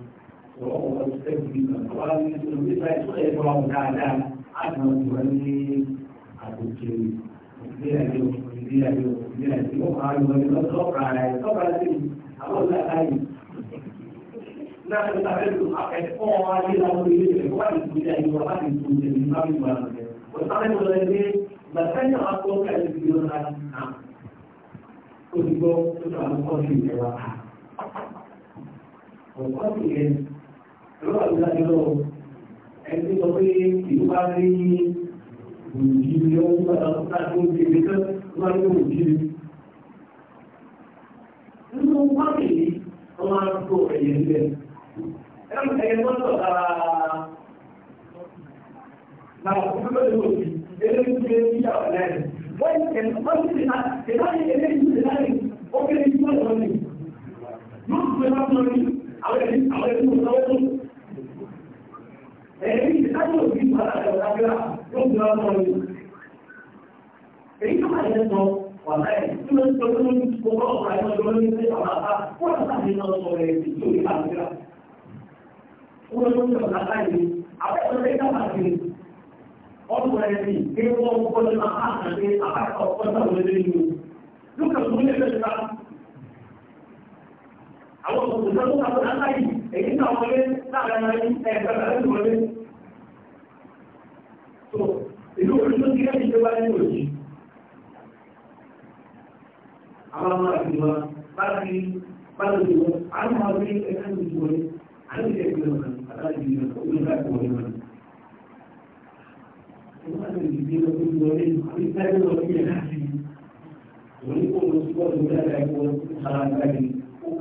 وهو مستجد من قرآن وبما يسخر تعالى عدم المهني الدكتوري ليلة يوم ليلة يوم ليلة يوم قالوا من الصبر على الصبر عليه أقول لا أي نحن نعرف الحق أو على الأمر وعلى البداية وعلى الدنيا ما في مرة وصارت الذي ما كان يقول كان يقول نعم كنت بقول كنت أقول في الواقع والقصد lọ́wọ́ àti láti lọ́wọ́ ẹni tó sọ pé ìlú bá rí òjìrì ọdún bàtà tó bá tó ń ṣe ìgbésẹ̀ tó bá rí òjìrì. nínú wákì yìí wọ́n máa ń tó ẹ̀yẹ níbẹ̀ ẹ̀rí ìdájọ́ òbí padà lọ lágbára yóò gbé ọmọ yìí. èyí tó máa yẹ sọ wàhálà ẹ̀ tí wọ́n sọ fún mi kó bá ọ̀pá ẹ̀rọ lọ́wọ́ ní ṣe àwọn àbá kó wọ́n sá ní lọ́sọ rẹ̀ tó ní àgbéra. wọ́n ló ń sọ lágbá yìí àbẹ́sọ rẹ̀ dábàá sí ọ̀pọ̀ ẹ̀ sì kí wọ́n kọ́ ní máa hàn ní àbáṣọ ọ̀pọ̀ àwọn òṣìṣẹ́ tó kàtó náà láyìí èyí náà wọlé láàrin ẹgbẹ̀rẹ̀ wọlé tó ìlú orí tó kí lẹ́yìn tó bá ní òjì àwọn ọmọ àgbìmọ̀ bá ti bá àwọn ọmọ orí ẹgbẹ́ tó ti àwọn ìṣẹ́ ìgbẹ́ wọn àtàlẹ́ ìgbẹ́ wọn ní ìgbà tó wọlé wọn. Ìwọ́n ti di bí wọ́n ti wọlé àbí sáré wọlé yẹn láti wọ́n ní kó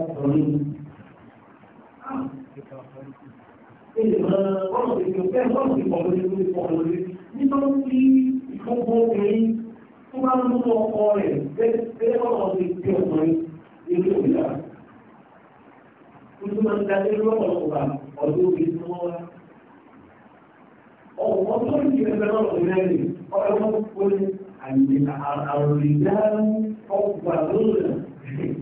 ọkùnrin. Ìgbìmọ̀ ọ̀rọ̀ ìgbìmọ̀ ẹ̀rọ ọ̀rọ̀ ti di ọkùnrin nínú ìlà. Ojú máa ń darí lọ́pọ̀lọpọ̀ ọdún òbí tí wọ́n wá. Ọ̀pọ̀ tó ń jẹ́ ẹgbẹ́ lọ́rọ̀ ìrẹ́lẹ̀ ọ̀rọ̀ wọn kó ní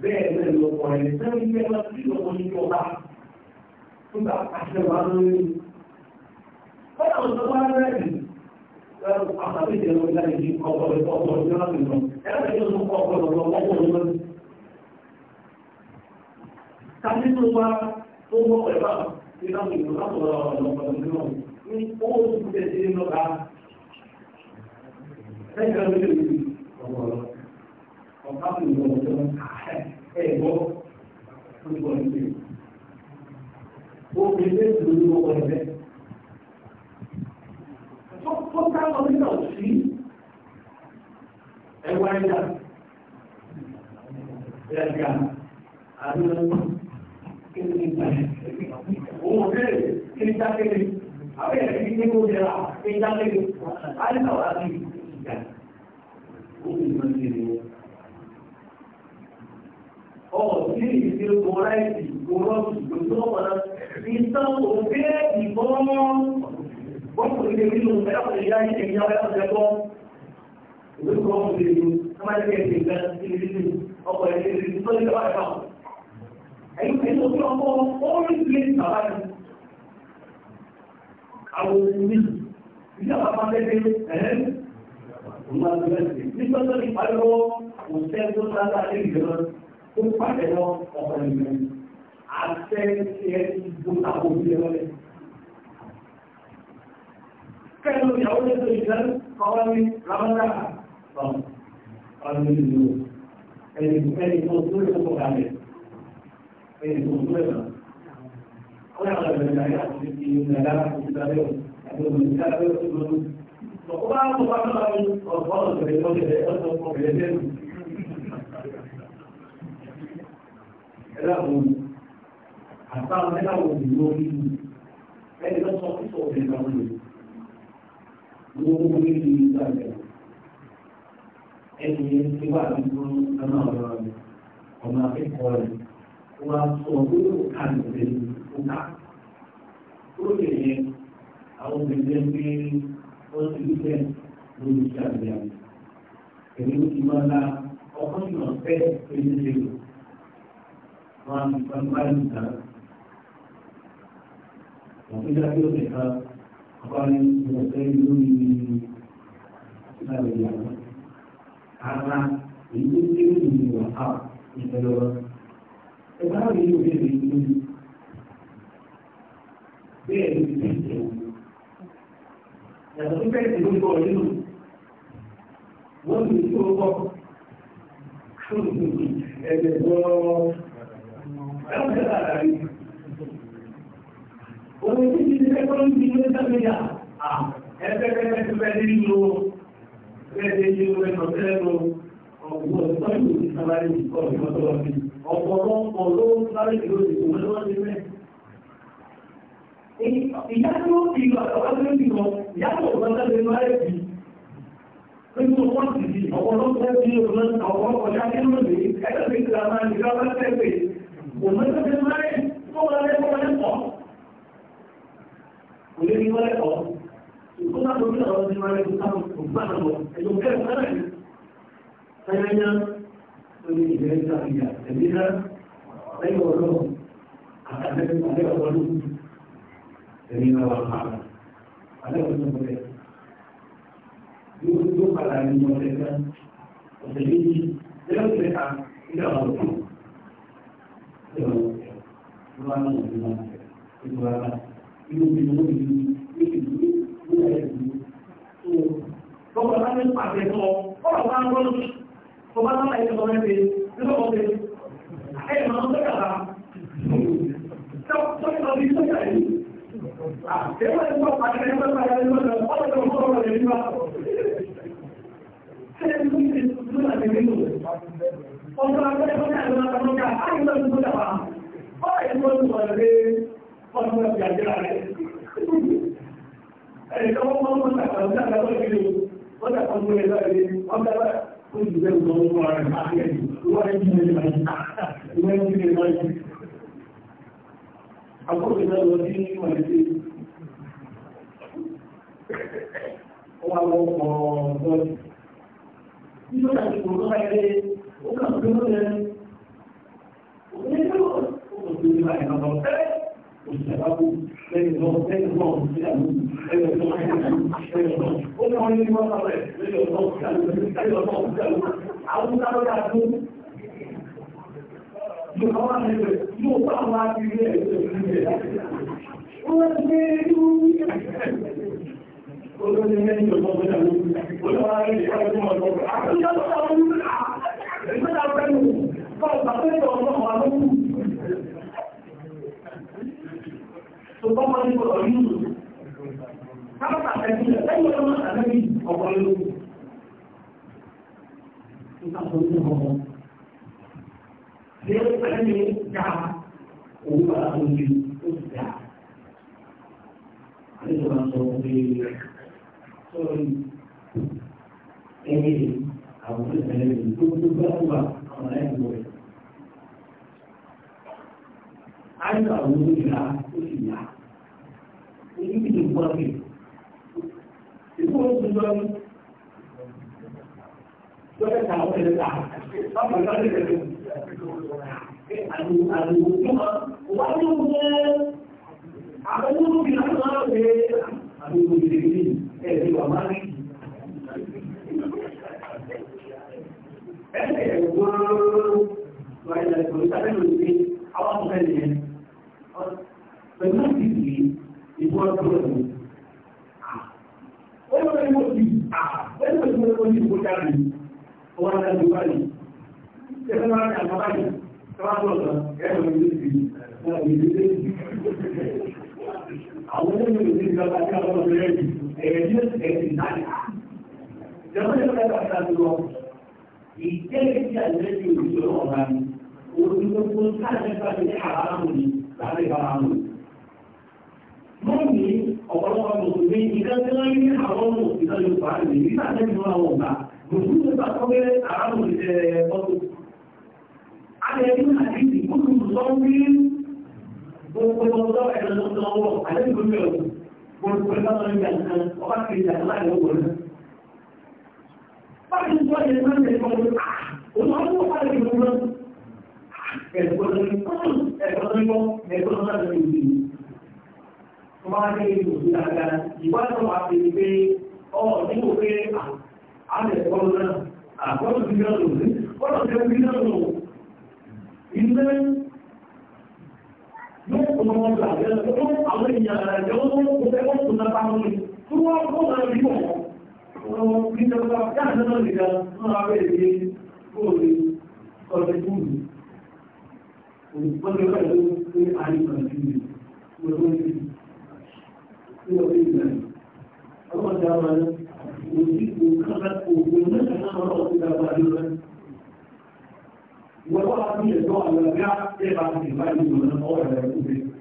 这这个我真不知道，这个东西多大，是吧？而且它是，它都是光的，呃，把它这些东西搞破了，搞破了，其它品种，其它品种都搞破了，搞破了，但是呢，中国这个非常牛，非常牛，非常牛，你保护这些品种啊，这个东西，我。ọ̀pá tó lọ ọ̀dọ́ ẹ̀ gbọ́ tó gbọ́ nílé. Obìnrin lè lò ní ọkọ̀ ẹ̀rẹ́. Tó ká lọ nígbà sí ẹwà ẹ̀dá. Ẹ̀dá àti ọ̀pá kí ni ìgbà òun bẹ̀rẹ̀ kí ni dákẹ́lẹ́. Àwọn ẹ̀rí ní kó jẹrà kí ni dákẹ́lẹ́. Àyíká wà á ti ìgbà. Ó ti gbọ́n sí ìrìn ọ̀sí ìṣe kọ́ra ìdí kọ́ra ìdòdó kò lè tó ní ní ìpàdé tó ń pàdé lọ ọ̀rọ̀ ìlú àṣẹ ti ẹ ti gbó àwọn òbí lọ́lẹ̀. kẹ́lú ìyàwó lè tó ìjẹ́ kọ́wọ́ ní ramada sọ̀rọ̀ ọ̀rọ̀ ìlú ẹni ẹni tó tó lè kó kalẹ̀ ẹni tó tó lè lọ. Àwọn àwọn ẹ̀rọ ìdáyà àti ìdáyà àti ìdáyà àti ìdáyà àti ìdáyà Ọ̀pọ̀ bá ń bọ̀ bá ń bá ń ọ̀pọ̀ ọ̀sẹ̀ ìtọ́jú ẹ̀ ọ̀sẹ̀ ọ̀pọ̀ ìrẹsẹ̀ ẹ̀dáwò àtàwọn ẹ̀dáwò ìlú orí ẹni lọ sọ fífọ ọ̀rẹ́ ìdáwò rẹ̀ lówó orí ìgbà rẹ̀ ẹni tí wà nínú ọmọ ọ̀rọ̀ rẹ̀ ọmọ akẹ́kọ̀ọ́ rẹ̀ wọ́n á sọ lórí òkà ìrẹ̀ òkà ó lè yẹ àwọn obìnrin pé wọ́n ti rí bẹ́ẹ̀ lórí ìṣàlẹ̀ àmì pẹ̀lú ìmọ̀lá wọn wọn bá ní ìta wọn fi dájú ọ̀sẹ̀ ká ọba ní ìrọ̀sẹ̀ lórí ìlànà ìyàwó ara èyí tó ti ń lù wà á ìfẹ́lẹ́ wa ẹ bá rí òbí rẹ̀ lórí bẹ́ẹ̀ ló ti fi ṣe òun yàtọ̀ tó bẹ́ẹ̀ ti ló ń bọ̀ nínú wọ́n ti tó bọ̀ fún ìgbẹ̀gbọ́ Omi tí ti ṣe kọ́ ní ilé sẹ́mìyà, ẹgbẹ́gbẹ́ ti fẹ́ nínú ẹgbẹ́ ti ṣe ẹ̀nà ọ̀gbọ̀n ìtọ́jú ti sálárí ọ̀gbọ̀n ọ̀pọ̀lọpọ̀ ló sáré ìlú ìgbòho mẹ́. Ìyá tó ti lọ àtọ̀wá 我们这边卖，后来后来跑，我就另外跑，我不拿手机了，另外就看我办了我，有干啥的？大家呢？所以你们讲一下，肯定呢，没有路，啊，那个没有路，肯定要往哪了？反正我是不对，如果如果来你们这个，我是运气，只要你们打，你要好。Então, não há nada de nada. Não há nada. E o que não é isso, e o que não é isso. Então, para nós fazer só, para nós vamos, para nós fazer só, né, Pedro? Eu não vou ter. É, mas não vai casar. Então, só que nós isso é aí. Até mais uma parte, mais uma parte, mais uma parte, olha que eu vou fazer isso. àbúrò lọ́dà tó Gbogbo ọjọ́ ẹ̀rọ lọ́wọ́ àdébìgbòmí ọ̀gbọ̀n gbogbo ẹgbẹ́ tó ń jà nǹkan ọba kiri jà nǹkan láì wọ́n náà. Báyìí tó yẹ kí wọ́n lè fọwọ́ òun á tó wà lórí wọn. Ẹ̀kọ́ ló ń kọ́ ẹ̀kọ́ ló kuma wọn gbà lẹ́nu tó àwọn èèyàn àjọ wọn kò fẹ́ wọ́n kò náà báwọn ní tí wọ́n kó máa rí wọn wọn kí ọjọ́ jáde náà nìkan wọn máa bẹ̀rẹ̀ ní kóòlì ọ̀sẹ̀ kúrú olùkọ́ni ọ̀sẹ̀ ló ní àyíká sí 我说他们也说我们家这把品牌你们偶尔来不行，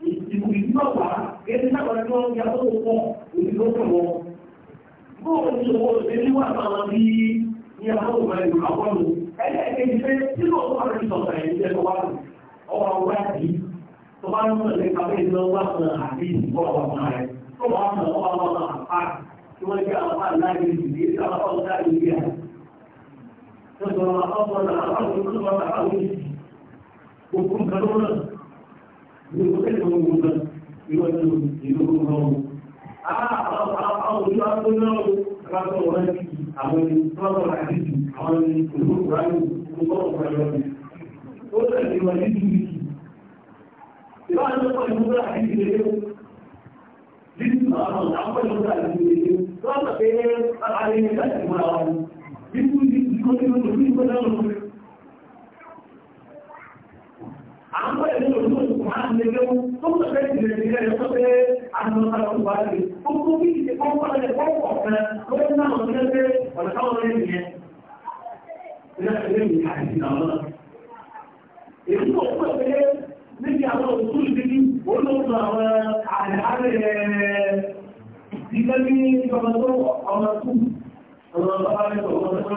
你你你不要管，别人下过来说你要做我，你说什么？我是我千军万马的第一，你要我们有好关系，哎哎哎，你这这个我还是少在一些说话，偶尔我来提，说话我们那咖啡车我们还是不老往来，说话我们我们我们还怕，因为这样的话那你你这样的话那你。نظر أفضل أعوه نظر أعوه وكم كرونا يقتلهم مدى يوزنهم يدورهم أعوه يأكل نوم رأسه ولكي أعوه نظر عزيزي أعوه نظر رأيه نظر رأيه ولا يوزنه ìbára ló pọ̀ ìmúgbà àti ìdílé nínú àwọn àwọn ìmúgbà àti ìdílé lọ́pọ̀ pé ààrẹ ìdájì múra wọn nínú Àwọn ẹ̀lẹ́ òṣèlú máa ń lè lẹ́wọ́ tó ń sọ̀rọ̀ ìrìnlẹ̀ ìrìnlẹ̀ ẹ̀kọ́ pé àwọn ọmọ ọmọ àti gbogbo bí ìṣẹ́kọ́ wọ́n lè wọ́n pọ̀ fẹ́ lórí náà ọ̀sẹ̀ pé ọ̀nà táwọn ọmọ ẹ̀yẹn. Ìrẹ́lẹ̀ ìrìnlẹ̀ àìsìn àwọn ọmọ. Èyí tó pẹ̀ pé níbi àwọn òṣèlú ti ní olóòtú àwọn àdáàrẹ̀ ìdílé ní ọmọ tó ọmọ tó ọmọ bàbá rẹ̀ ọmọ tó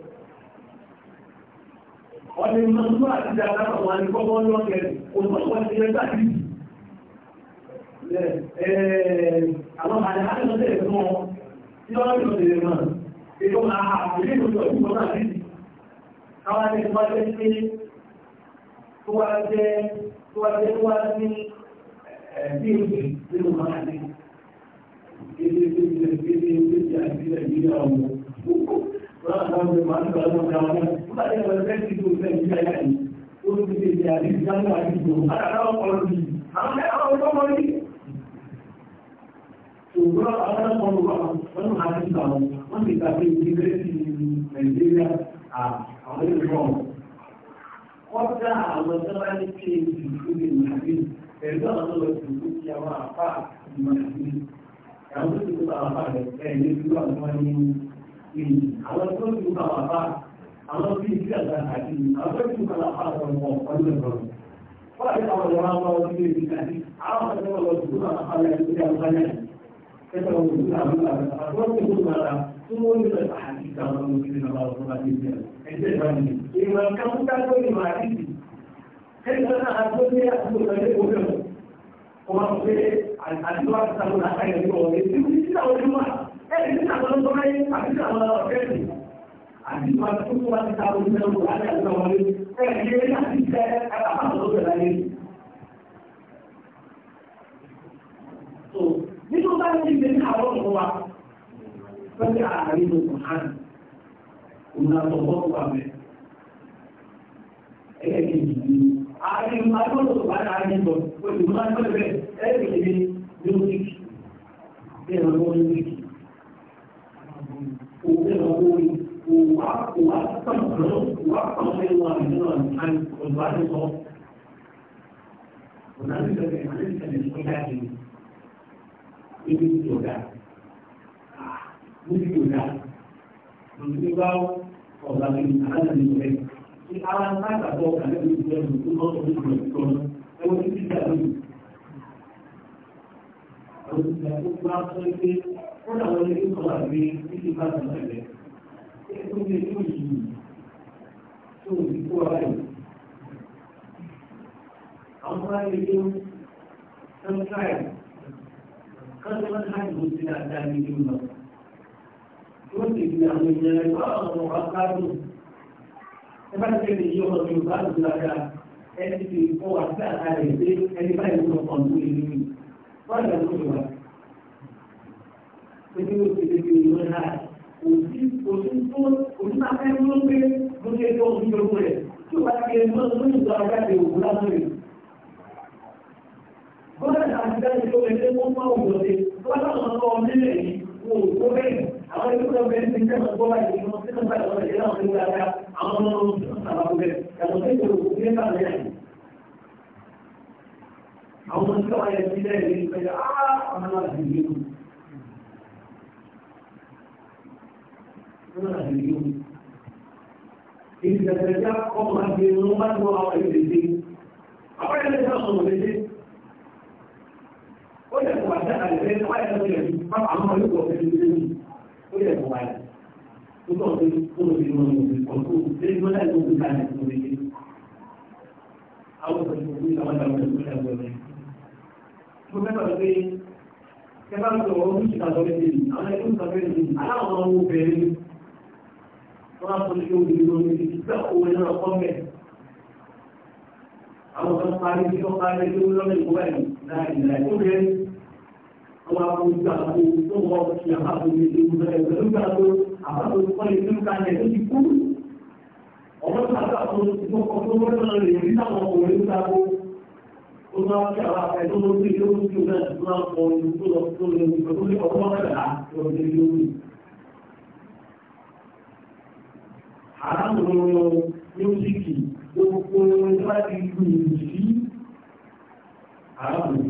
ọdẹ mọ́tò àti dáadáa wà ní kọ́kọ́ lọ́kẹ́ òtọ́kọ́ ti rẹ̀ sáàkì àwọn àdáhàtọ̀ tẹ̀lé fún ọ tí wọ́n lọ́dún tẹ̀lé mọ́ ètò àhàbò nínú ìjọba àti àwọn àti ìwà jẹ́ pé tó wá jẹ́ tó wá jẹ́ tó wá ní bí o ṣe nínú máa ní ilé ìgbésẹ̀ ìgbésẹ̀ ìgbésẹ̀ àti ìgbésẹ̀ ìgbésẹ̀ ọmọ Ṣùgbọ́n àwọn ọmọ ti tàbí ìgbésí Nàìjíríà àwọn ìrọ̀. Wọ́n dá àwọn tọ́lá ní kí èyí ìfúnni ìrìnàbí, ẹ̀rọ àwọn àwọn àpá ìmọ̀ ìlú àwọn tó ń tún kàwà bá àwọn tí ìdí àgbà àti ìlú àwọn tó ń tún kàwà bá àwọn ọmọ ọdún ẹ̀rọ. Fọ́lá ti àwọn ọ̀rọ̀ àwọn ọmọ ilé ìdí àti àwọn ọmọ ọmọ ẹ̀rí ní tó wà ní ta àti àwọn ọmọdé ẹ̀rí ní àti ìfẹ́ àbábà tó bẹ̀rẹ̀ láyé. nínú bá ní ilé ní àwọn ọmọ wa pẹ̀lú ààrin ní ọ̀hán òun àti ọ̀pọ̀ wà mẹ́. ẹ̀ẹ́dì ààrin máa ń lọ́dọ̀ bá dáa ní ìbọn pẹ̀lú máa ń lọ́dọ̀ pé jáde ní ibi tí kò dáa níbi kò dáa níbi bá ọ̀gá mi aláǹdà rẹ̀ ní ara ń bá àgbàdo ọ̀gá mi rẹ̀ tó lọ́sọ̀ mi rẹ̀ tó lọ ẹwọ́n ti ti dàbí mi. Àwọn ìgbà tó bá sọ pé wọ́n náà wọlé ní kọ́lá mi ní ti bá sọ ẹ̀rẹ́. Ṣé ó lè ní ìlú tó ti kó ara yìí? Àwọn bá yẹ kí ó sometimes customers have to see that that we do not. Don't think that we are like, oh, what happened? If I say that you are doing bad to that, anything for us that I say, anybody who knows on doing it, why are you doing that? Pẹ̀lú òṣèlú ìwé náà, òsì òsì tó òsì náà fẹ́ ló pé mo ṣe tó ojú ogun rẹ̀. Tí o bá gómìnà àti bẹ́ẹ̀ àwọn ìlú àwọn ìlú àga ọmọ ọmọ ó lè mú àṣà àlẹ́ ní wáyé lọ́wọ́ yẹn má bàa mọ ìlú ọ̀fẹ́ ní ilé yìí ó lè mú wáyé tó tọ̀ pé ó lè mú ìlú ọ̀tún lé ní wọ́n láì lóògùn láti fún mi. àwọn ọ̀sẹ̀ tó kún ìlànà àwọn ọ̀sẹ̀ tó lè wọlé. mo mẹ́ta pé kẹfà ń sọ ọdún ìta sọ pé èyí àwọn ẹgbẹ́ ìta pé èyí aláwọ̀ máa ń wo bẹ̀rẹ̀ wọ́n á sọ pé ó lè mú ìlú ọ̀tún wọ́n á fún ìgbà tó wọ́n fi àbábọ̀ ní ìlú ẹgbẹ̀rún gbà tó àbábọ̀ fún ìlú kalẹ̀ tó ti kú. ọ̀rọ̀ tó àgbà tó ti tó kọ́ tó wọ́n náà lè rí táwọn ọkùnrin ń dáko. ó máa fi àwọn afẹ́ tó lórí ilé oúnjẹ náà tó máa kọ ojú tó lọ tó lè rí pẹ̀lú ní mẹ́ta lọ sí ilé oúnjẹ. àdáhùn mílíọ̀nù gbogbo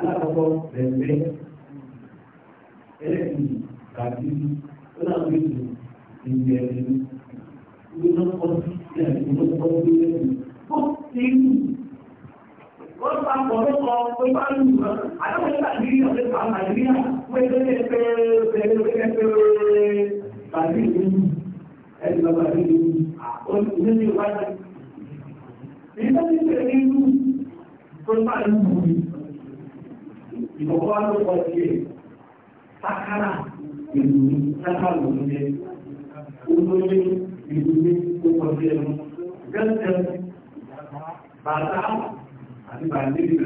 alákọ̀ọ́kọ́ rẹ̀mẹ́ ẹlẹ́kùn tàbí ọlọ́gbẹ̀tò ìgbẹ̀ ẹ̀rọ ìgbónákọ́ sí ìgbónákọ́ sí ẹ̀rọ ó ti lù wọ́n bá pọ̀ lọ́kọ̀ pé bá lù wọ́n àdáwọ̀ ní nàìjíríà lè pa nàìjíríà pé lẹ́lẹ́ pé lẹ́lẹ́ pé tàbí ìlú ẹ̀rọ bàbá ìlú àkọsílẹ̀ ìwádìí. Ìgbésẹ̀ ìlú tó bá lù wọ́n ìkọ̀kọ́ ló kọ́ sí ẹ̀ sákàrà ìlú sákàrà òmìnir olóyè ìlú ní kókọ́ sí ẹnu gẹ́gẹ́ bàtà àti bàtà ìlú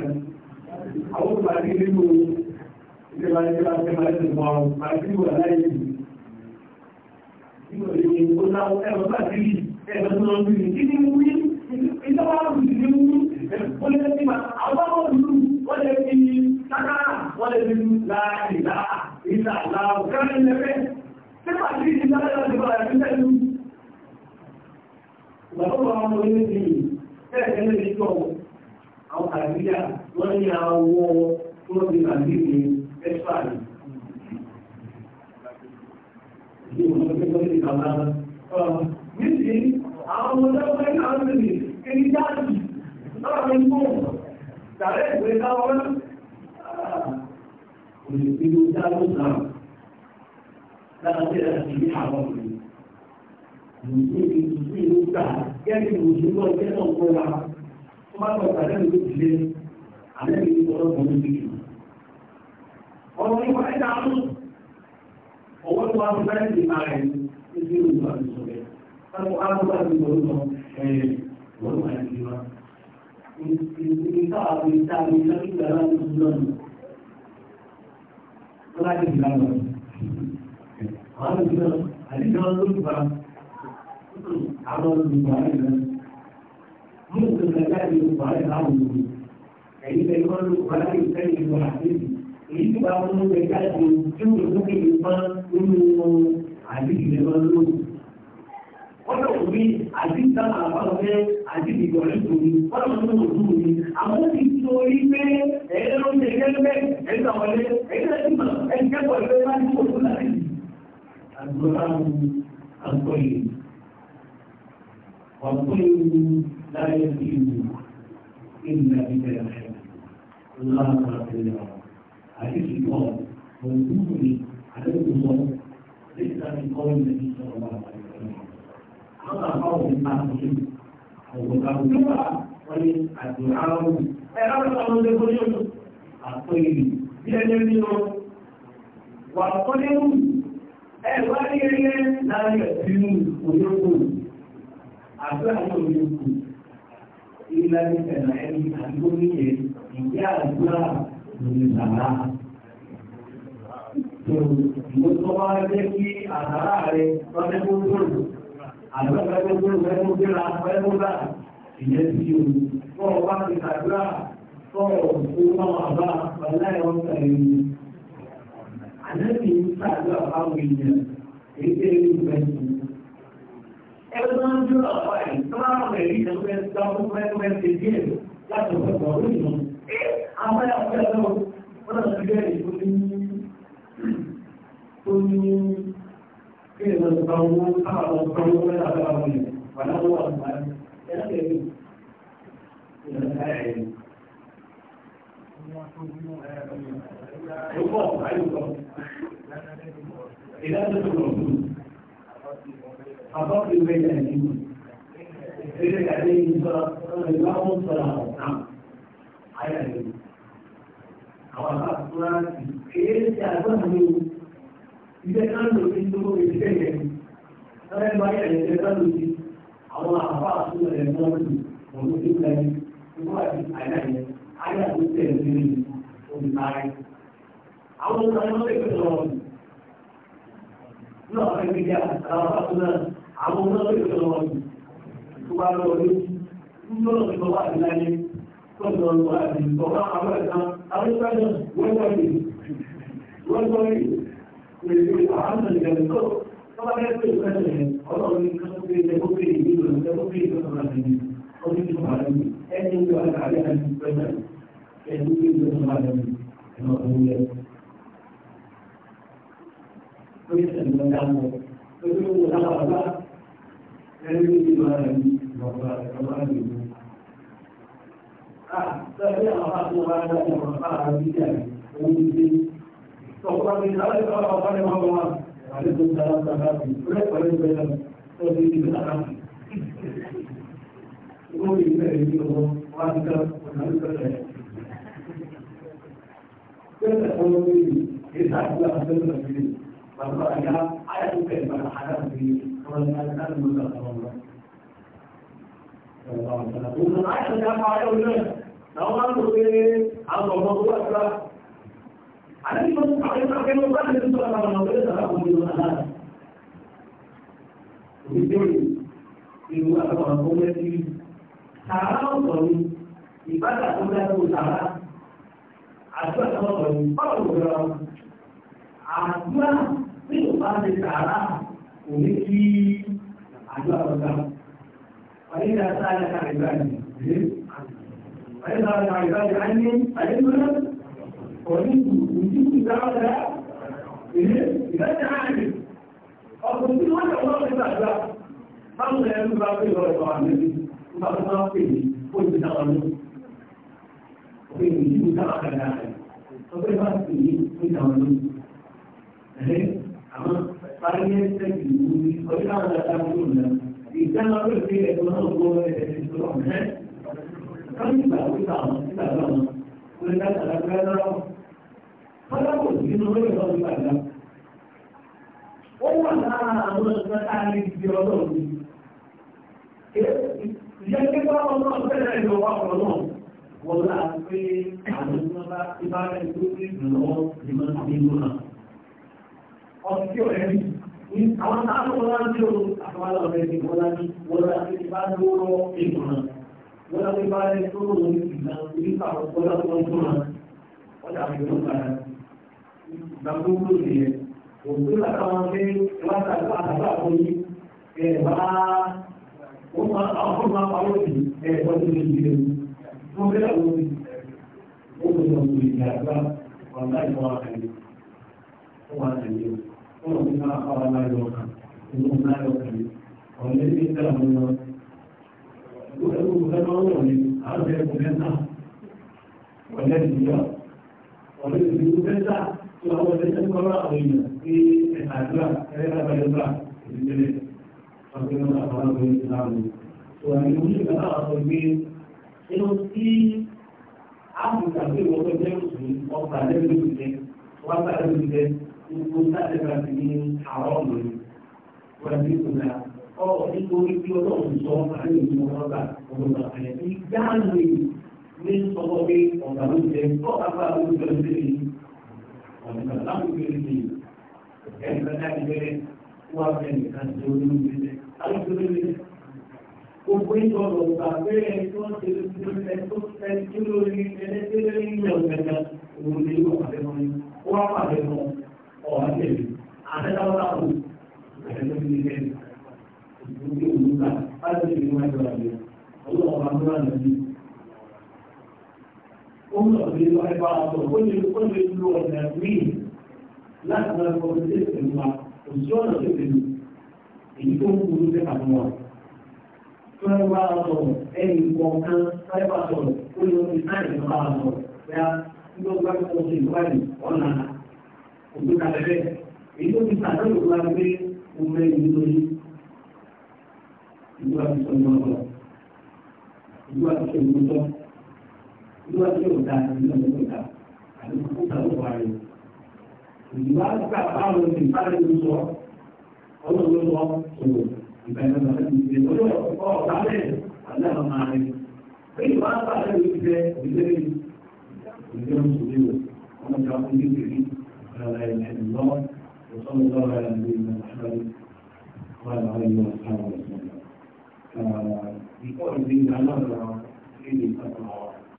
àwọn bàtà ìlú ìjọba ìjọba ìjọba ìjọba bàtà ìlú aláìsí ìwọ̀n ìlú ó náwó ẹ̀rọ bàtà ìlú ẹ̀rọ tó lọ́wọ́ ìlú kí ni wí ìjọba ìlú ìlú ó lè fi àwọn ọmọ sára wọ́n lè nínú láàrínlá ìlà láàrùn kẹrin lẹ́fẹ́ tẹ́bà sí ìdájọ́ ìjọba ìpínlẹ̀ ìlú lọ́pọ̀ àwọn ọmọ ti tẹ́ẹ̀kẹ́ lè ní àwọn àríyá wọ́n ní àwọ̀ ọmọdé ọmọdé àwọn ọmọdé ẹni dáàbì lọ́wọ́ ẹni bọ́ọ̀ olùpínlẹ̀ dáàbò náà lára tẹ̀lé ní àwọn ọ̀gbìn. Mùsùlùmí mùsùlùmí gbà gẹ́gẹ́ bí mùsùlùmí ọ̀jẹ́ náà wa. Wọ́n bá tọ̀ka lẹ́nu ló ti àlẹ́ mi ní ọlọ́pàá ti jù. Ọ̀rọ̀ nípa ẹ̀dá àánú. Ọwọ́ tó wá fẹ́ ti máa rẹ̀ ní bí olùkọ́ àti sọ̀rọ̀ láti fi lára rẹ̀. Àwọn ìgbà àdíjọ́ lórúkọ àwọn olùgbà rẹ̀ rẹ̀. Mú ìgbà láti olùgbà rẹ̀ láwọn olùgbà. Ẹ̀yìn tẹ̀lé wọn lórúkọ láti fẹ́ ìlú àti èyí tí wàá mú ẹgbẹ́ àti tí ó lè mú kí ìlú bá nínú àdíjọ́ lórúkọ wọ́n tó rí àdìsá àbáwọ̀ pé àdìsí ìgbọ̀lẹ́ tó ní wọ́n tó ní òtún ní àwọn ti tó rí pé ẹ̀yẹ́ ló ń ṣe kẹ́lẹ́ ẹ̀yẹ́ wọlé ẹ̀yẹ́ lẹ́sìn mọ̀ ẹ̀yẹ́ kẹ́kọ̀ọ́ ìfẹ́ láti kó tó láti àgbọ̀tà mu àgbọ̀yé wà pé ewu láyé sí ewu ewu náà ti bẹ̀rẹ̀ rẹ̀ lọ́wọ́ àtẹ̀lẹ̀ àdìsí ìgbọ̀ òtún ní àdìsí ìgbọ̀ lẹ́sìn àti kọ́rin lẹ́sìn sọ̀rọ̀ lọ́nà fáwọn nípa àtúnṣe àwòkàwòkà wọ́n ní àdúrà ọ̀hún. ẹ lọ́nà ọ̀hún lè borí ọ̀tún àpòyè bí ẹni ní o wà kọ́lé wù ẹ wá ní eré láàrin ẹ̀sìn òyìnbó àdúrà ní òyìnbó ìlànà ìfẹ̀nà ẹni àdúgbò níyẹn ìyá àdúrà lòdì sàrà ìwòsàn wa jẹ́ kí àtàrà rẹ̀ lọ́dẹ́gbọ́n tó lò àlọ́ ẹgbẹ́gbẹ́ ẹgbẹ́gbẹ́ra ẹgbẹ́gbẹ́ra ìyẹn tí o kọ́ ọ bá ti kàdúrà kọ́ ọ tó máa bá ọ̀la ẹ̀rọ kẹrin. Àlẹ́bí ń sàdúrà fáwọn èèyàn ètè ìlú mẹ́sì. Ẹgbẹ́ ń dúró ọ̀pá ẹ̀ sọ́wọ́n rẹ̀ rí ẹgbẹ́ sọ́wọ́n mẹ́fẹ́ ṣe díẹ̀ láti ọ̀pọ̀ ọ̀rọ̀ ìmọ̀. Àwọn ẹ̀fọ́ ẹ̀fọ́ wọn náà ti bẹ̀rẹ̀ tó ní kí àwọn sọ̀rọ̀ àwọn náà. Ayà ìlú. Àwọn àbá ilé kánò ní ní ọmọ ẹni wọ́n lè fi sọ̀rọ̀ ní ọ̀pẹ gbígbà àwọn àtúnṣe àwọn ọmọ lè fi sọ̀rọ̀ tó bá pẹ̀lú àwọn ìgbàlùkọ́ tó bá bẹ́ẹ̀ pẹ̀lú ẹ̀sẹ̀ ọlọ́run ní kọ́tọ́ pé ẹgbẹ́ tó pé ìlú rẹ̀ ẹgbẹ́ tó pé ìlú rẹ̀ فقال من ذلك قال وقال الله عليكم سلام سلام فلك وليس بينهم وفيه من أعلم يقول إلا يجيبهم وأنت ونالك الشيء كنت أقول لي إذا أقول أحسن في والله أنا أعلم كيف الحياة في ومن أنا المتقبل صلى الله عليه وسلم ومن أعلم كيف الحياة في ومن أنا المتقبل Ìlú àtàwọn ọmọ ẹgbẹ́ sàárá ọ̀sọ̀ ni ìbádà tó dájú sàárá àdúrà tó ọ̀sọ̀ ni báwo ló rọ àdúrà tí kò bá ti sàárá kò ní kí àdúrà ọ̀gá. Wàyé ní àtàlẹ́ kàrìbáyé. Wàyé ní àtàlẹ́ kàrìbáyé á ní àyè lóyún. ومنه وجود الزرع إذا عالم أقول وأنا الله يبارك الله يبارك الله النبي وبارك الله فيه قلت تعالوا وفي وجود الزرع كذلك وفي فاسده في تعالوا أما فارغ السجن وإلى أن تعملون إذا ما قلت لك أنه هو يتشكرون كم يبقى وإذا أمر إذا أمر وإذا أمر aláwọ̀ sí inú lórí ọ̀rọ̀ ìgbà ìgbà. Ó wà lára àwọn ọ̀sán tá a lè fi ọlọ́run ní. Ìyá ọmọ ọ̀sẹ̀rẹ̀ ìlú wa ọ̀rọ̀ náà wọ́n lá pé àwọn ìjọba ti bá rẹ̀ tó ní ìrànlọ́wọ́ ìmọ̀ nínú náà. Ọ̀sẹ̀ ọ̀rẹ́ mi àwọn táwọn wọn láń tí o ọ̀rẹ́ mi wọ́n láń wọ́n lá pé bá lóró ìmọ̀ náà. Wọ́n lá bá rẹ̀ tó lórí ìgbà oníkàwọ́ wọ́n lá tó tó náà. Wọ́n dàbí ó ń bára gbàgbógbò nìyẹn òkú làtàwọn pé wáṣà àtàwọn àkọyí ẹ bá wọn máa àwọn fún máa pa lóòdì ẹ bọ́ sí lórí ilé wọn fẹ́ làwọn òbí wọn lọ sí ìyá àgbà wọn láì fọwọ́ àkàlẹ́ wà àkàlẹ́ wọn wọn fi máa pa wọn láì lọ kàn lọ kàlẹ́ wọn lé ní ìtàn wọn lọ. Gbogbo ẹgbẹ́ máa ń wọ̀ ní àwọn ẹgbẹ́ òkúta náà ìjọ wọlé ìjọ tó àwọn ẹgbẹ́ tó kọ́ra àwọn èèyàn pé ẹ̀ka àdúrà ẹ̀rẹ́ta bàjẹ́gbà ìdílé ọ̀gbẹ́ náà àwọn ọ̀gbẹ́ ìsìláàmù tó àmì oníṣẹ́ ìgbà náà sọ pé inú tí áfíríkà pé wọ́n fẹ́ jẹ́ òṣèlú ọgbà lẹ́nu ìjẹ wọ́n gbà lẹ́nu ìjẹ gbogbo sáàdẹ́gbà ti ní àwọn ọ̀nà wọ́n ti kù náà ọ̀ nítorí tí ọlọ́run sọ àárín ìlú ọgbà ọgbà àyẹ̀ ìdáhùn ọ̀nà láwọn ìbéèrè ní ẹni kan láti bẹ̀rẹ̀ wà bẹ̀rẹ̀ nìkan tí ó ní ìbílẹ̀ alùpùpù ìbílẹ̀ gbogbo ìtọ́ lọ gbà pé ó ń lọ sí lọ ẹgbà ọ̀tọ̀ ó lè ó lè lo ọ̀nà míì láti lọ ẹgbà ọ̀tọ̀ sí ìpè wa kò sí ọ̀nà tó lè lò èyí tó ń kúrú sí àwọn ọ̀rọ̀. tó ń bá a sọ̀rọ̀ ẹnì kọ̀ọ̀kan tó ń bá a sọ̀rọ̀ ó lè fi sáyẹn tó bá a sọ̀rọ̀ ya tí ó bá tó ṣe ìwádìí ọ̀nà òbí kalẹ̀ bẹ́ẹ̀ èyí tó fi sàdéhùn ìwà pé mo fẹ́ ìlú lórí ìlú àti sọ̀rọ̀ ìlú àti sọ̀rọ̀ ìlú ọdún yóò dáa ìlú ọdún yóò dáa àti kókó tàbí wà rẹ̀. ìdìbò àgbà báwọn ti bára ẹni sọ ọlọ́run ló sọ òwò ìgbà ìgbà ìgbà ìgbà ìgbà ìgbà ọ̀gá bẹ́ẹ̀ àdáhùn máa rẹ̀. pé ìwà àgbà rẹ̀ ló ti fẹ́ òṣèré ìgbẹ́ òṣèré wò wọ́n ti wá fún yíyí وصلى الله على نبينا محمد وعلى اله وصحبه وسلم. بقول الله تعالى في